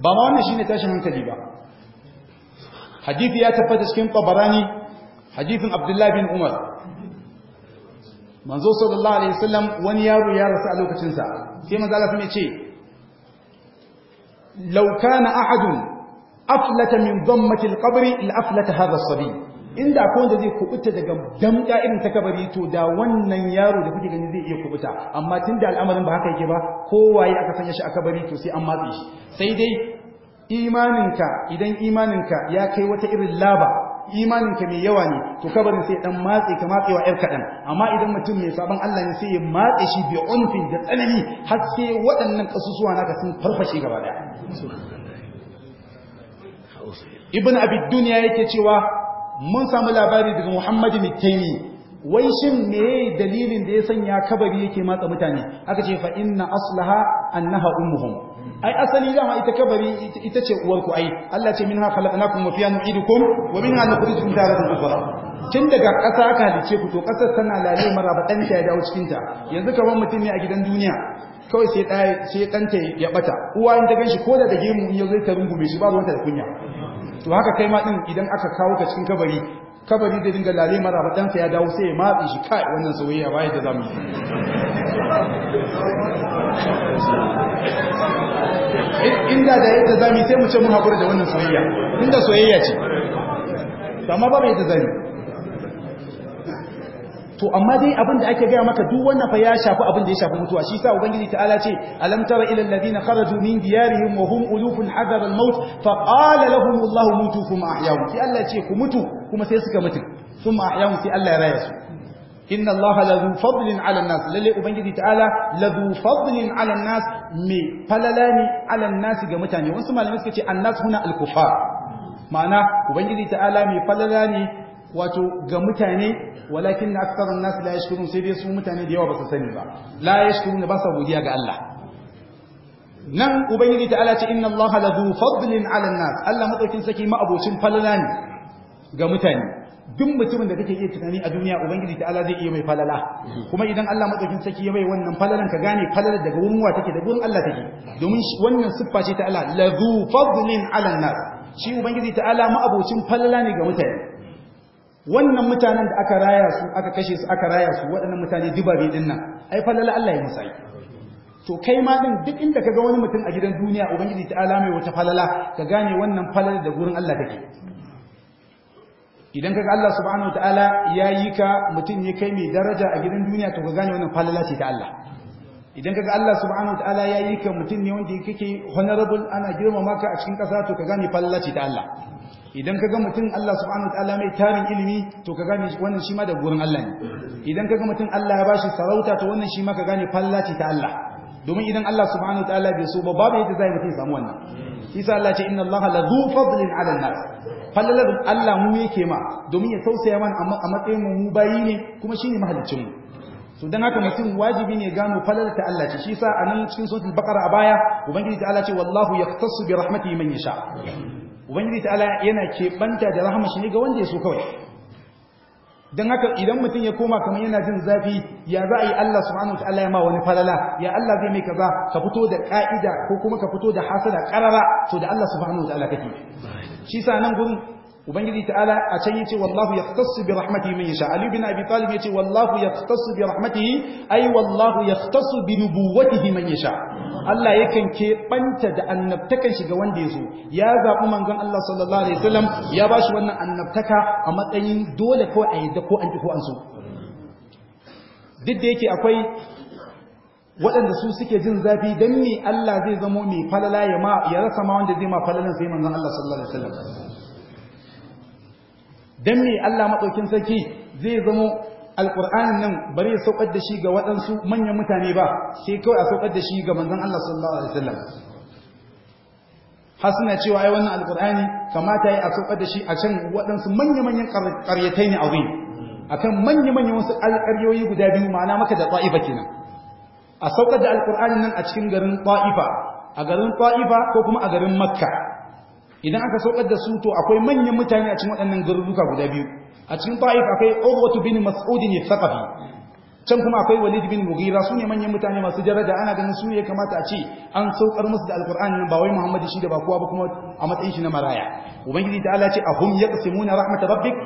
ba ma wannan shine tashin hankali ba hadisi ya tabbata cikin tabarani hadisin Abdullah bin Umar manzo sallallahu alaihi wasallam wani yaro ya rasu a lokacin sa sai manzo Allah ya ce لو كان أحد أفلت من ضمة القبر لأفلت هذا الصبي inda akwai wanda zai kubuta daga damka irin ta kabari to da wannan yaro da kuke gani zai iya kubuta amma tun da al'amarin ba haka yake ba kowaye aka sanya shi a kabari to sai an matse sai dai imaninka idan imaninka ya kai wata irin laba imaninka mai yawa ne to kabarin sai dan matse ka matsewa yar kadan amma idan mutum mai sabon Allah ne sai ya matse shi bi unfin da tsanani har sai waɗannan kasusuwa naka sun farfashe gaba daya ibn abi dunya yake cewa mun samu labari daga Muhammadu taimi wai shin me dalilin da ya sanya kabari yake matsa mutane aka ce fa inna aslaha annaha ummuhum ai asali dama ita kabari ita ce uwarku ai Allah ce minha khalaqnakum wa fiha nu'idukum wa minha nukhrijukum taratan ukhra tun daga ƙasa aka halice ku to ƙasar tana lalai mara ba dan ta ya dawo cikin ta yanzu kamar mutum ne a gidan duniya kawai sai ɗaya sai ɗanta ya bata uwa in ta ganshi ko da da gemu in yau zai ta rungume shi ba ruwanta da kunya to haka kai ma din idan aka kawo ka cikin kabari kabari da dinga lalima mara ba ɗansa ya dawo sai ya matsi shi kai wannan soyayya baya da zamu yi inda da yadda zamu sai mu ce mun haƙura da wannan soyayya inda soyayya ce amma ba bai da zani to amma dai abin da ake gaya maka duk wannan fa ya shafi abin da ya shafi mutuwa shi sa ubangiji ta'ala ce alam tara ila alladhina kharaju min diyarihim wa hum ulufun hadar al-maut fa qala lahum allah mutu thumma ahyahum sai Allah ce ku mutu kuma sai suka mutu sun yawon sai Allah ya raya su inna Allah la zu fadlin ala nas lalle ubangiji ta'ala la zu fadlin ala nas me falalani ala nas ga mutane wasu malamai suka ce annas huna al-kufar ma'ana ubangiji ta'ala me falalani wato ga mutane walakin na aksarun nasu la yashkurun sai dai su mutane da yawa ba su sani ba la yashkurun ba sa godiya ga Allah nan ubangiji ta'ala ce inna allaha la zu fadlin ala nas Allah madaukin saki ma abocin falala ne ga mutane duk mutumin da kake iya tunani a duniya ubangiji ta Allah zai iya mai falala kuma idan Allah madaukin saki ya mai wannan falalan ka gane falalar daga wurin wa take da wurin Allah take domin wannan siffa ce ta Allah la zu fadlin ala nas shi ubangiji ta Allah ma'abocin falala ne ga mutane wannan mutanen da aka raya su aka kashe su aka raya su waɗannan mutane dubabe din nan ai falala Allah ya musayi to kai ma din duk inda kaga wani mutum a gidan duniya ubangiji ta Allah mai wata falala ka gane wannan falala da gurin Allah take idan kaga Allah subhanahu wataala ya yi ka mutum ne kai mai daraja a gidan duniya to ka gane wannan falala ce ta Allah idan kaga Allah subhanahu wataala ya yi ka mutum ne wanda kake honorable ana girmama ka a cikin kasa to ka gane falala ce ta Allah idan kaga mutum Allah subhanahu wataala mai tarin ilimi to ka gane wannan shi ma da gurin Allah ne idan kaga mutum Allah ya bashi sarauta to wannan shi ma ka gane falala ce ta Allah domin idan Allah subhanahu wa ta'ala bai so ba babu yadda zai mutum samu wannan isa Allah ce inna Allah la zu fadlin 'ala nas fallalar Allah mu yake ma domin ya tausaya mana a matsayin mu bayi ne kuma shine mahalicin mu so dan haka mutum wajibi ne gano falalar ta Allah ce shi yasa anan cikin suratul baqara a baya ubangiji ta Allah ce wallahu yaqtasu bi rahmatihi man yasha ubangiji ta Allah yana keɓanta da rahmashi ne ga wanda ya so kawai don haka idan mutum ya koma kamar yana jin zafi ya za a yi Allah subhanahu ta'ala ya ma wani falala ya Allah zai mai kaza ka fito da ka'ida ko kuma ka fito da hasada karara to da Allah subhanahu ta'ala kake shi sa nan gurin ubangiji ta'ala a can yace wallahu yahtassu bi rahmatihi man yasha ali bin abi talib yace wallahu yahtassu bi rahmatihi ay wallahu yahtassu bi nubuwwatihi man yasha Allah yakan ke banta da annabtakan shi ga wanda yazo ya zabi manzon Allah sallallahu alaihi wasallam ya bashi wannan annabtaka a matsayin dole ko a yadda ko an ji ko an so duk da yake akwai waɗanda su suke jin zafi don me Allah zai zamo mai falala ya rasa ma wanda zai ma falalan sai manzon Allah sallallahu alaihi wasallam Don me Allah madaukin sarki zai zamo alqur'anin nan bari ya saukar da shi ga waɗansu manyan mutane ba sai kawai a saukar da shi ga manzon Allah sallallahu alaihi wasallam har suna cewa ai wannan Alƙur'ani kamata yi a saukar da shi a can waɗansu manya-manyan ƙaryatai ne a wuri kan manya-manyan wasu alƙaryoyi guda biyu ma'ana maka da ta'ifa kenan a saukar da alqur'anin nan a cikin garin ta'ifa a garin ta'ifa ko kuma a garin makka idan aka saukar da su to akwai manyan mutane a cikin waɗannan garuruka guda biyu a cikin ta'if akwai urwatu bin mas'ud ne thaqafi can kuma akwai walid bin mughira su ne manyan mutane masu daraja ana ganin su ne kamata a ce an saukar musu da alqur'ani ba wai muhammadu shi da ba kowa ba kuma a matsayin shi na maraya ubangiji ta Allah ce ahum yaqsimuna rahmat rabbik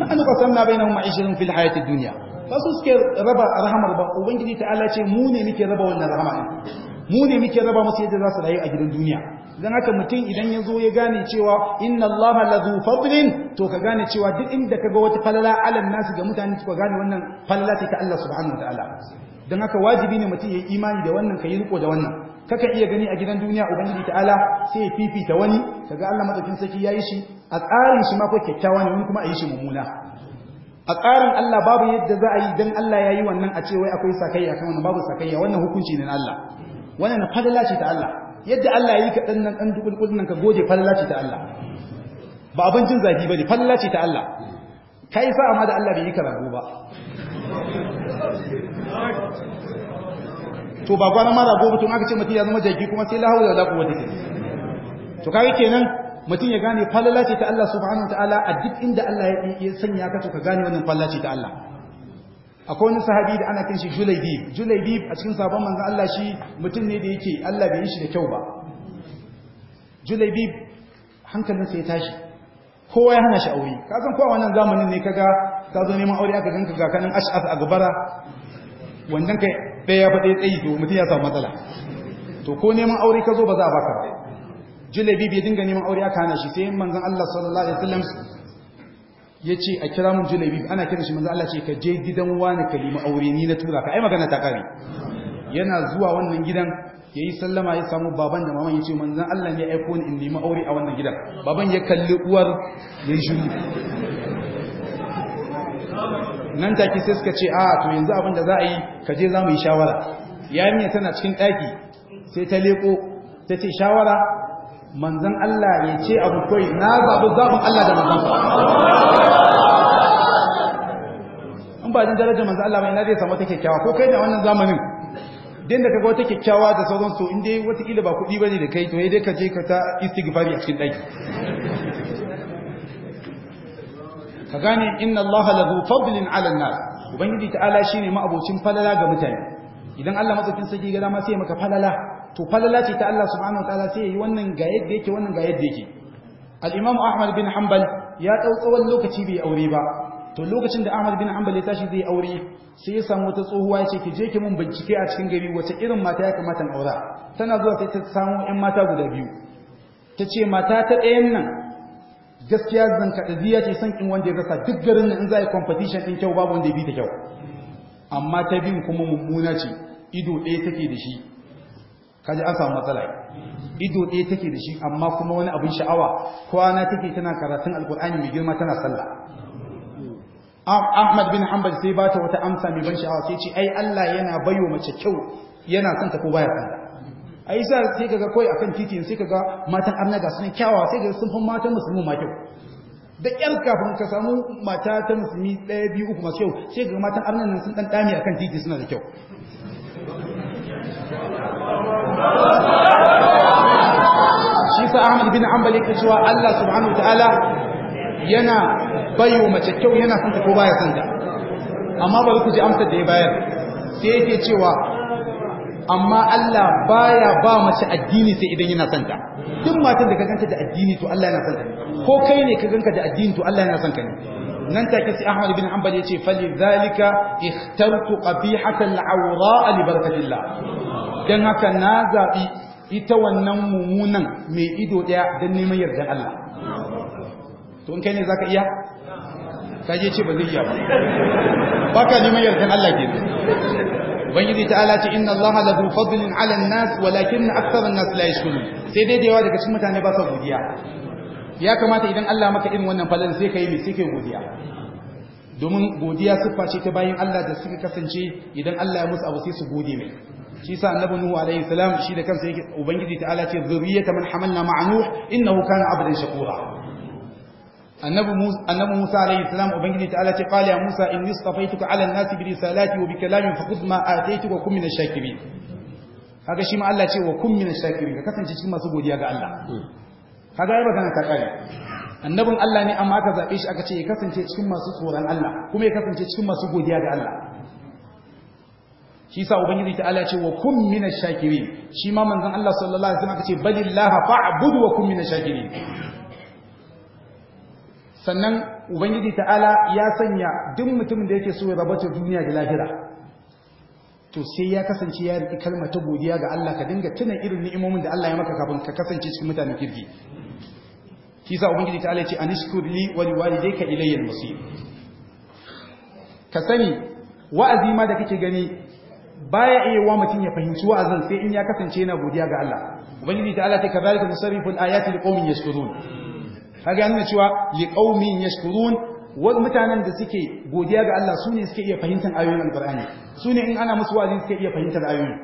nahnu qasamna bainahum ma'ishatan fil hayatid dunya ba su suke raba rahamar ba ubangiji ta Allah ce mu ne muke raba wannan rahama mu ne muke raba musu yadda za su rayu a gidan duniya dan haka mutum idan ya zo ya gane cewa inna allaha zu fadlin to ka gane cewa duk inda ka ga wata falala alal nasu ga mutane ka gane wannan falala ce ta Allah subhanahu ta'ala. dan haka wajibi ne mutum ya yi imani da wannan ka yi riko da wannan kaka iya gani a gidan duniya ubangiji ta'ala sai ya fifita wani kaga Allah madaukin saki yayi shi a tsarin shi ma ko kyakkyawa ne wani kuma a yi shi mummuna a tsarin Allah babu yadda za a yi dan Allah yayi wannan a ce wai akwai sakayya kan wannan babu sakayya wannan hukunci ne na Allah wannan fadala ce ta Allah yadda Allah ya yi ka ɗan nan ɗan dukkan nan ka goje fallaci ta Allah ba abincin zagi ba ne fallaci ta Allah ka yi sa'a ma da Allah bai yi karatu ba to ba gwanan mara gobe tun aka ce mutum ya zama jagi kuma sai lahau da zaku wata ke to kawai kenan mutum ya gane fallaci ta Allah subhanahu wa ta'ala a duk inda Allah ya sanya ka to ka gane wannan fallaci ta Allah akwai wani sahabi da ana kan shi Julaibib Julaibib a cikin sabon manzan Allah shi mutum ne da yake Allah bai yi shi da kyau ba Julaibib hankalinsa ya tashi kowa ya hana shi aure ka san kowa wannan zamanin ne kaga ka zo neman aure aka ganka gakanin ash'af a gubara wannan kai ɗaya fa ɗaya tsayi to mutum ya samu matsala to ko neman aure ka zo ba za a baka Julaibib ya dinga neman aure aka hana shi sai manzan Allah sallallahu alaihi wasallam ya ce a kira mun biyu. ana kira shi manzo Allah ce ka je gidan wani kalima aure ni na tura ka ai magana ta kare yana zuwa wannan gidan ya yi sallama ya samu baban da maman ya ce manzan Allah ne aiko ni in nemi aure a wannan gidan baban ya kalli uwar ya yi shuru nan take sai suka ce a to yanzu abin da za a yi ka je za mu yi shawara yarinya tana cikin ɗaki sai ta leko ta ce shawara Manzan Allah ya ce abu kai na zaɓi zabin Allah da manzon in ba jin darajar manzan Allah mai na zai samu ta kyakkyawa ko kai da wannan zamanin din da kaga wata kyakkyawa da sauran su in dai wata ba kuɗi bane da kai to dai ka je ka ta istighfari a cikin ɗaki ka gane inna Allah lahu fadlin 'ala an-nas ubangiji ta'ala shine ma'abocin falala ga mutane idan Allah matsakin saki ga dama sai maka falala to falala ce ta Allah subhanahu wataala sai yayi wannan ga yadda yake wannan ga yadda yake al-imam ahmad bin hanbal ya dau tsawon lokaci bai aure ba to lokacin da ahmad bin hanbal ya tashi zai aure sai ya samu wata tsohuwa yace ki je ki mun bincike a cikin gari wace irin mata ya kamata in aura tana zuwa sai ta samu ƴan mata guda biyu ta ce mata ta ɗayan nan gaskiya zan zankadaziya ce san in wanda ya rasa duk garin nan in za a yi competition ɗin kyau babu wanda ya bi ta kyau amma ta bin kuma mummuna ce ido ɗaya take da shi kaji an samu matsala ido ɗaya take da shi amma kuma wani abin sha'awa kwana take tana karatun alkur'ani mai girma tana sallah ah, Ahmad bin Hanbal sai ba ta wata amsa mai ban sha'awa sai ce ai Allah yana bayo mace kyau yana son ta ko baya son a yi sa sai kaga kawai akan titi sai kaga matan arnaga sun kyawa sai kaga sun fi matan musulmi ma kyau da ƴar kafin ka samu mata ta musulmi ɗaya biyu uku masu kyau sai kaga matan arnan nan sun ɗan ɗami akan titi suna da kyau shi sa ahmad bin Ambali yake cewa Allah subhanahu ta'ala yana bayo mace kyau yana santa ta ko baya son ta amma ba ku ji amsar da ya bayar sai yake cewa amma Allah baya ba mace addini sai idan yana santa, ta duk matan da ka ganta da addini to Allah yana son ta ko kai ne ka ganka da addini to Allah yana son ka ne nan take sai Ahmad ibn Hanbal yace falidhalika ikhtartu qabihata al-awra li barakatillah dan haka na zabi ita wannan mumunan mai ido daya dan neman yardan Allah to in kai ne zaka iya ka je ce ba zai iya ba baka neman yardan Allah ke ubangiji ta'ala ce inna allaha la fadlin 'ala an-nas walakin akthara an-nas la yashkurun sai dai da yawa daga cikin mutane ba sa godiya ya kamata idan Allah maka irin wannan falon sai ka yi mai sai ka yi godiya domin godiya siffa ce ta bayan Allah da suka kasance idan Allah ya musu abu sai su gode mai shi sa annabi nuhu alaihi salam shi da kansa yake ubangiji ta'ala ce zurriyata man hamalna ma'a nuh innahu kana abdan shakura annabi musa annabi musa alaihi salam ubangiji ta'ala ce qala ya musa inni istafaituka ala an-nasi bi risalati wa bi kalamin fa khudh ma ataituka wa min ash-shakirin kaga shi ma Allah ce wa kun min ash-shakirin ka kasance cikin masu godiya ga Allah ka ai magana ta annabin Allah ne amma aka zaɓe shi aka ce ya kasance cikin masu tsoron Allah kuma ya kasance cikin masu godiya da Allah shi sa ubangiji ta Allah ce wa kun minash shakirin shi ma manzon Allah sallallahu alaihi wasallam aka ce balillaha fa'bud wa kun minash shakirin sannan ubangiji ta'ala ya sanya duk mutumin da yake so ya rabata duniya da lahira to sai ya kasance ya riƙi kalmar ta godiya ga Allah ka dinga tuna irin ni'imomin da Allah ya maka kafin ka kasance cikin mutanen kirki shi sa ubangiji ta ce anishkur li wa walidayka ilayya al-masir ka sani wa'azi ma da kake gani baya iya wa mutum ya fahimci wa'azin sai in ya kasance yana godiya ga Allah ubangiji ta alace kadhalika musarrifu al-ayati liqaumin yashkurun kaga yana cewa liqaumin yashkurun wani mutanen da suke godiya ga Allah su ne suke iya fahimtar ayoyin alkur'ani su ne in ana musu wazi suke iya fahimtar ayoyin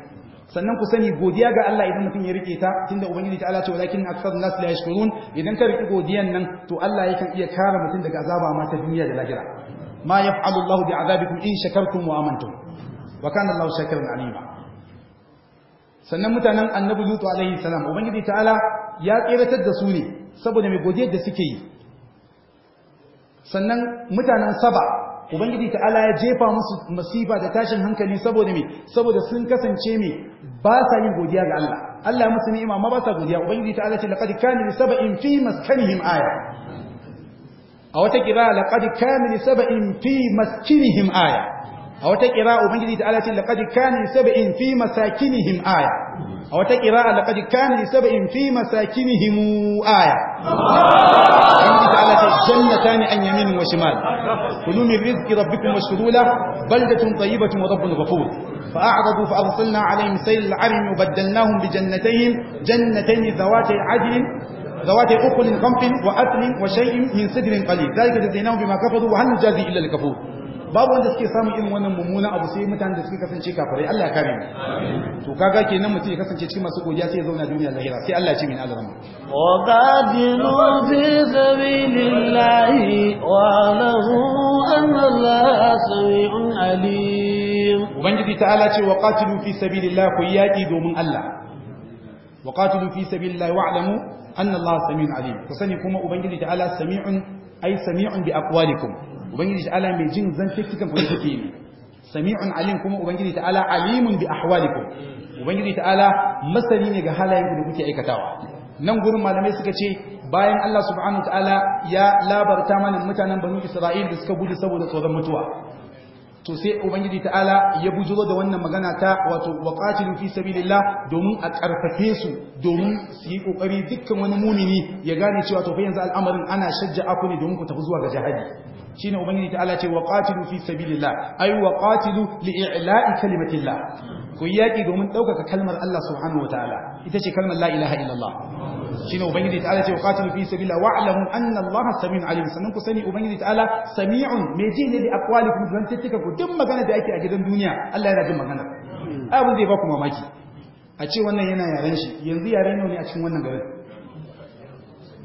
sannan ku sani godiya ga Allah idan mutum ya rike ta tunda ubangiji ta Allah ce walakin aksarun nas la yashkurun idan ka rike godiyan nan to Allah yakan iya kare mutum daga azaba ma ta duniya da lahira ma yaf'alu Allah bi azabikum in shakartum wa amantum wa kana Allah shakiran alima sannan mutanen annabi lutu alaihi salam ubangiji ta'ala ya tseratar da su ne saboda mai godiyar da suke yi sannan mutanen saba ubangiji ala ya jefa musu masifa da tashin hankali saboda me saboda sun kasance me ba sa yin godiya ga Allah Allah musu ni'ima ma ba sa godiya ubangiji ala ce laqad kana li sab'in fi maskanihim aya a wata kira laqad kana li sab'in fi maskanihim aya a wata kira ubangiji ala ce laqad kana li sab'in fi masakinihim aya a wata ƙira'a da kaji kana li sab'in fi himu aya Allah ta'ala ta jannata ni an yamin wa shimal kulu min rizqi rabbikum washkuru la baldatun tayyibatun wa rabbun ghafur فأعرضوا فأرسلنا عليهم سيل العرم وبدلناهم بجنتين جنتين ذواتي عدل ذواتي أقل غمق وأثل وشيء من سدر قليل ذلك جزيناهم بما كفروا وهل نجازي إلا الكفور babu wanda suke samun irin wannan mummunan abu sai mutanen da suke kasance kafirai Allah kare mu to kaga kenan mutum ya kasance cikin masu godiya sai ya zauna duniya lahira sai Allah ce min azrama wa qadiru fi sabilillahi wa lahu anna Allah sami'un alim ubangiji ta'ala ce wa qatilu fi sabilillahi ku yaki domin Allah wa qatilu fi sabilillahi wa'lamu anna Allah sami'un alim ku sani kuma ubangiji ta'ala sami'un ay sami'un bi aqwalikum ubangiji ta'ala mai jin cikin ku take ne sami'un alim kuma ubangiji ta'ala alimun bi ahwalikum ubangiji ta'ala masani ne ga halayen ku da kuke aikatawa nan gurin malamai suka ce bayan Allah subhanahu wa ta'ala ya labarta mana mutanen banu Isra'il da suka gudu saboda tsoron mutuwa to sai ubangiji ta'ala ya bujuro da wannan magana ta wato waqatil fi sabilillah domin a karfafe su domin su yi kokari dukkan wani mumini ya gane cewa to fa yanzu al'amarin ana shajja'a ku ne domin ku tafi zuwa ga jihadi shine ubangiji ta Allah ce wa qatilu fi sabilillah ay wa qatilu li i'la'i kalimatillah ku yaki domin daukaka kalmar Allah subhanahu wataala ita ce kalmar la ilaha illallah shine ubangiji ta Allah ce wa qatilu fi sabilillah wa'lamu anna Allah samiun alim sannan ku sani ubangiji ta Allah sami'un mai ji ne da aqwalikum don tattika ku duk magana da ake a gidan duniya Allah yana jin magana abin zai ba ku mamaki a ce wannan yana yaren shi yanzu yaren ne a cikin wannan garin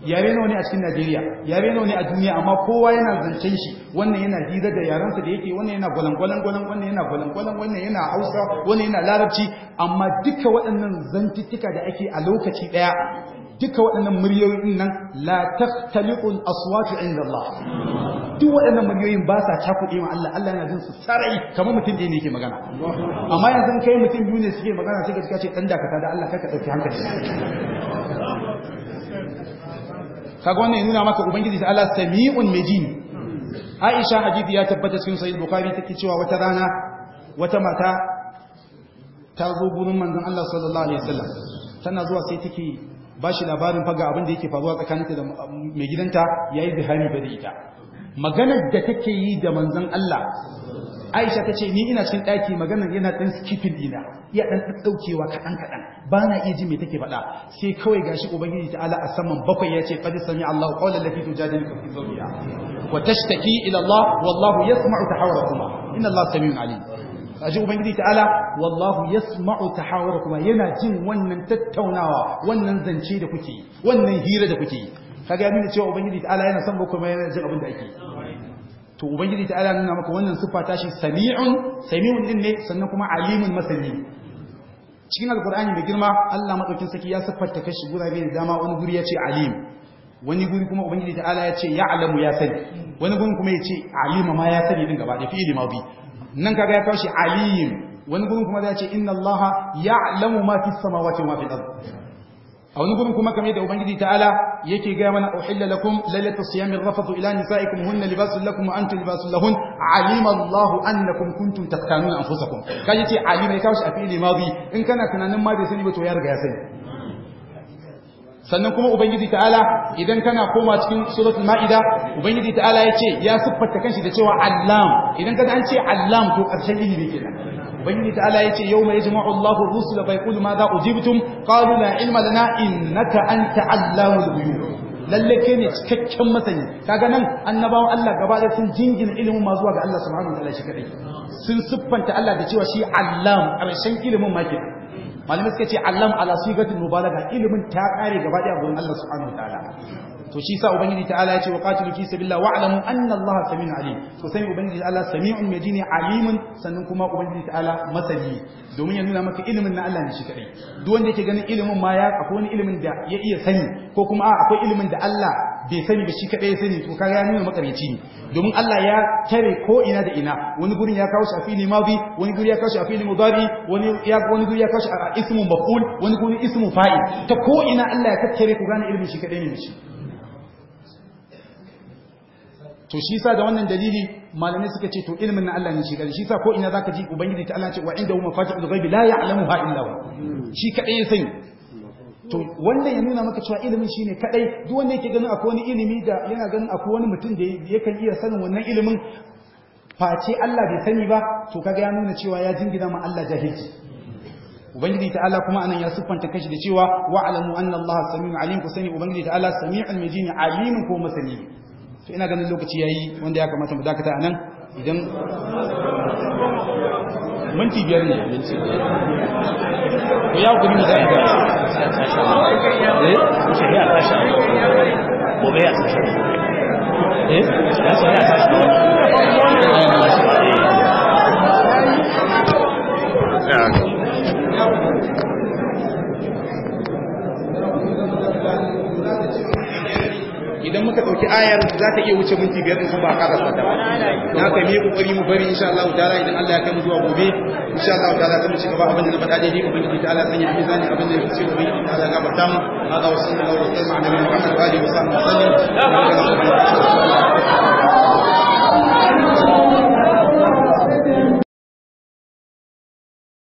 yare nawa ne a cikin Najeriya yare nawa ne a duniya amma kowa yana zancen shi wannan yana hira da yarensa da yake wannan yana gwalangwalan gwalan wannan yana gwalangwalan wannan yana Hausa wannan yana Larabci amma duka waɗannan zantuttuka da ake a lokaci ɗaya duka waɗannan muryoyin nan la taftaliqul aswatu inda Allah duk waɗannan muryoyin ba sa cakuɗe ma Allah Allah yana jin su sarai kamar mutum ɗaya ne yake magana amma yanzu kai mutum biyu ne suke magana sai ka ce dan dakata da Allah kai ka ɗauki hankali kaga wannan nuna maka ubangiji ta Allah sami'un majin Aisha hadithi ya tabbata cikin sahih Bukhari take cewa wata rana wata mata ta zo gurin manzon Allah sallallahu alaihi wasallam tana zuwa sai take bashi labarin faga abin da yake faruwa tsakaninta da mai gidanta yayi bihani ba da ita maganar da take yi da manzon Allah Aisha ta ce ni ina cikin daki maganar yana ɗan skipping ɗina iya ɗan ɗaukewa kaɗan kaɗan ba na iya ji me take faɗa sai kawai gashi ubangiji ta'ala a saman bakwai ya ce qad sami Allahu qawlan lati tujadiluka fi zawjiha wa tashtaki ila Allah wallahu yasma'u tahawurakuma inna Allah samiun alim aji ubangiji ta'ala wallahu yasma'u tahawurakuma yana jin wannan tattaunawa wannan zance da kuke wannan hira da kuke kaga ya nuna cewa ubangiji ta'ala yana son bako mai yana jin abin da ake to ubangiji ta'ala nuna maka wannan siffa ta shi sami'un sami'un din ne sannan kuma alimun masani cikin alkur'ani mai girma Allah madaukin saki ya siffarta kashi gurabe da dama wani guri ya ce alim wani guri kuma ubangiji ta'ala ya ce ya'lamu ya sani wani guri kuma ya ce alima ma ya sani din gaba da fi'ili bi, nan kaga ya kawo shi alim wani guri kuma ya ce inna allaha ya'lamu ma fis samawati wa ma fil ardh a wani gurin kuma kamar da ubangiji ta'ala yake ga mana uhilla lakum lailata siyami rafathu ila nisaikum hunna libasul lakum wa antum libasul lahun alima Allahu annakum kuntum taqtanuna anfusakum kaje ce alima ya kawo shi a fili madi in kana tunanin ma bai sani ba to ya riga ya sani sannan kuma ubangiji ta'ala idan kana koma cikin suratul ma'ida ubangiji ta'ala yace ya siffanta kanshi da cewa allam idan kaga an ce allam to karshen ilimi kenan ubangiji ta'ala yace yawma yajma'u Allahu ar-rusula fa yaqulu ma za ujibtum qalu la ilma lana innaka anta allamul ghuyub lalle kai ne cikakken masani kaga nan annabawan Allah gaba da sun jingina ilimin ma zuwa ga Allah subhanahu wataala shi kadai sun siffanta Allah da cewa shi allam karshen ilimin ma kenan malamai suka ce allam ala sigatul mubalagha ilimin ta kare gaba da gurin Allah subhanahu wataala to shi sa ubangiji ta'ala ya ce wa qatilu fi sabilillah wa'lamu anna allaha samiun alim to sai ubangiji ta'ala samiun majini alimun sannan kuma ubangiji ta'ala masani domin ya nuna maka ilimin na Allah ne shi kadai duk wanda yake ganin ilimin ma ya akwai wani ilimin da ya iya sani ko kuma a akwai ilimin da Allah bai sani ba shi kadai ya sani to kaga ya nuna makaryaci ne domin Allah ya tare ko ina da ina wani gurin ya kawo shi a fili madi wani gurin ya kawo shi a fili mudari wani ya wani gurin ya kawo shi a ismu maf'ul wani gurin ismu fa'il ta ko ina Allah ya tattare ku gane ilimin shi kadai ne shi to shi sa da wannan dalili malamai suka ce to ilimin na Allah ne shi gari shi sa ko ina zaka ji ubangiji ta Allah ce wa inda huma fatihul ghaibi la ya'lamuha illa hu shi kadai ya sani to wannan ya nuna maka cewa ilimin shine kadai duk wanda yake ganin akwai wani ilimi da yana ganin akwai wani mutum da kan iya sanin wannan ilimin face Allah bai sani ba to kaga ya nuna cewa ya jingina ma Allah jahilci ubangiji Allah kuma anan ya siffanta kashi da cewa wa'lamu anna Allah samiu alim ku sani ubangiji Allah samiu mujin alimin ko masani to ina ganin lokaci yayi wanda ya kamata mu dakata anan idan minti biyar ne minti ko ya guri mu zai eh shi ya tashi ko bai ya tashi eh ya ya tashi Yeah. idan muka dauki ayar za ta iya wuce minti biyar in ba ƙara sata ba na haka ne kokari mu bari insha Allah ta'ala idan Allah ya kai mu zuwa gobe insha Allah ta'ala kan ci gaba abin da na faɗa daidai ubangiji ta'ala sanya a mizani abin da ya fice ubangiji ta'ala gafarta mu hada wa sallallahu alaihi wa sallam ala nabiyina Muhammad wa alihi wa sahbihi wa sallam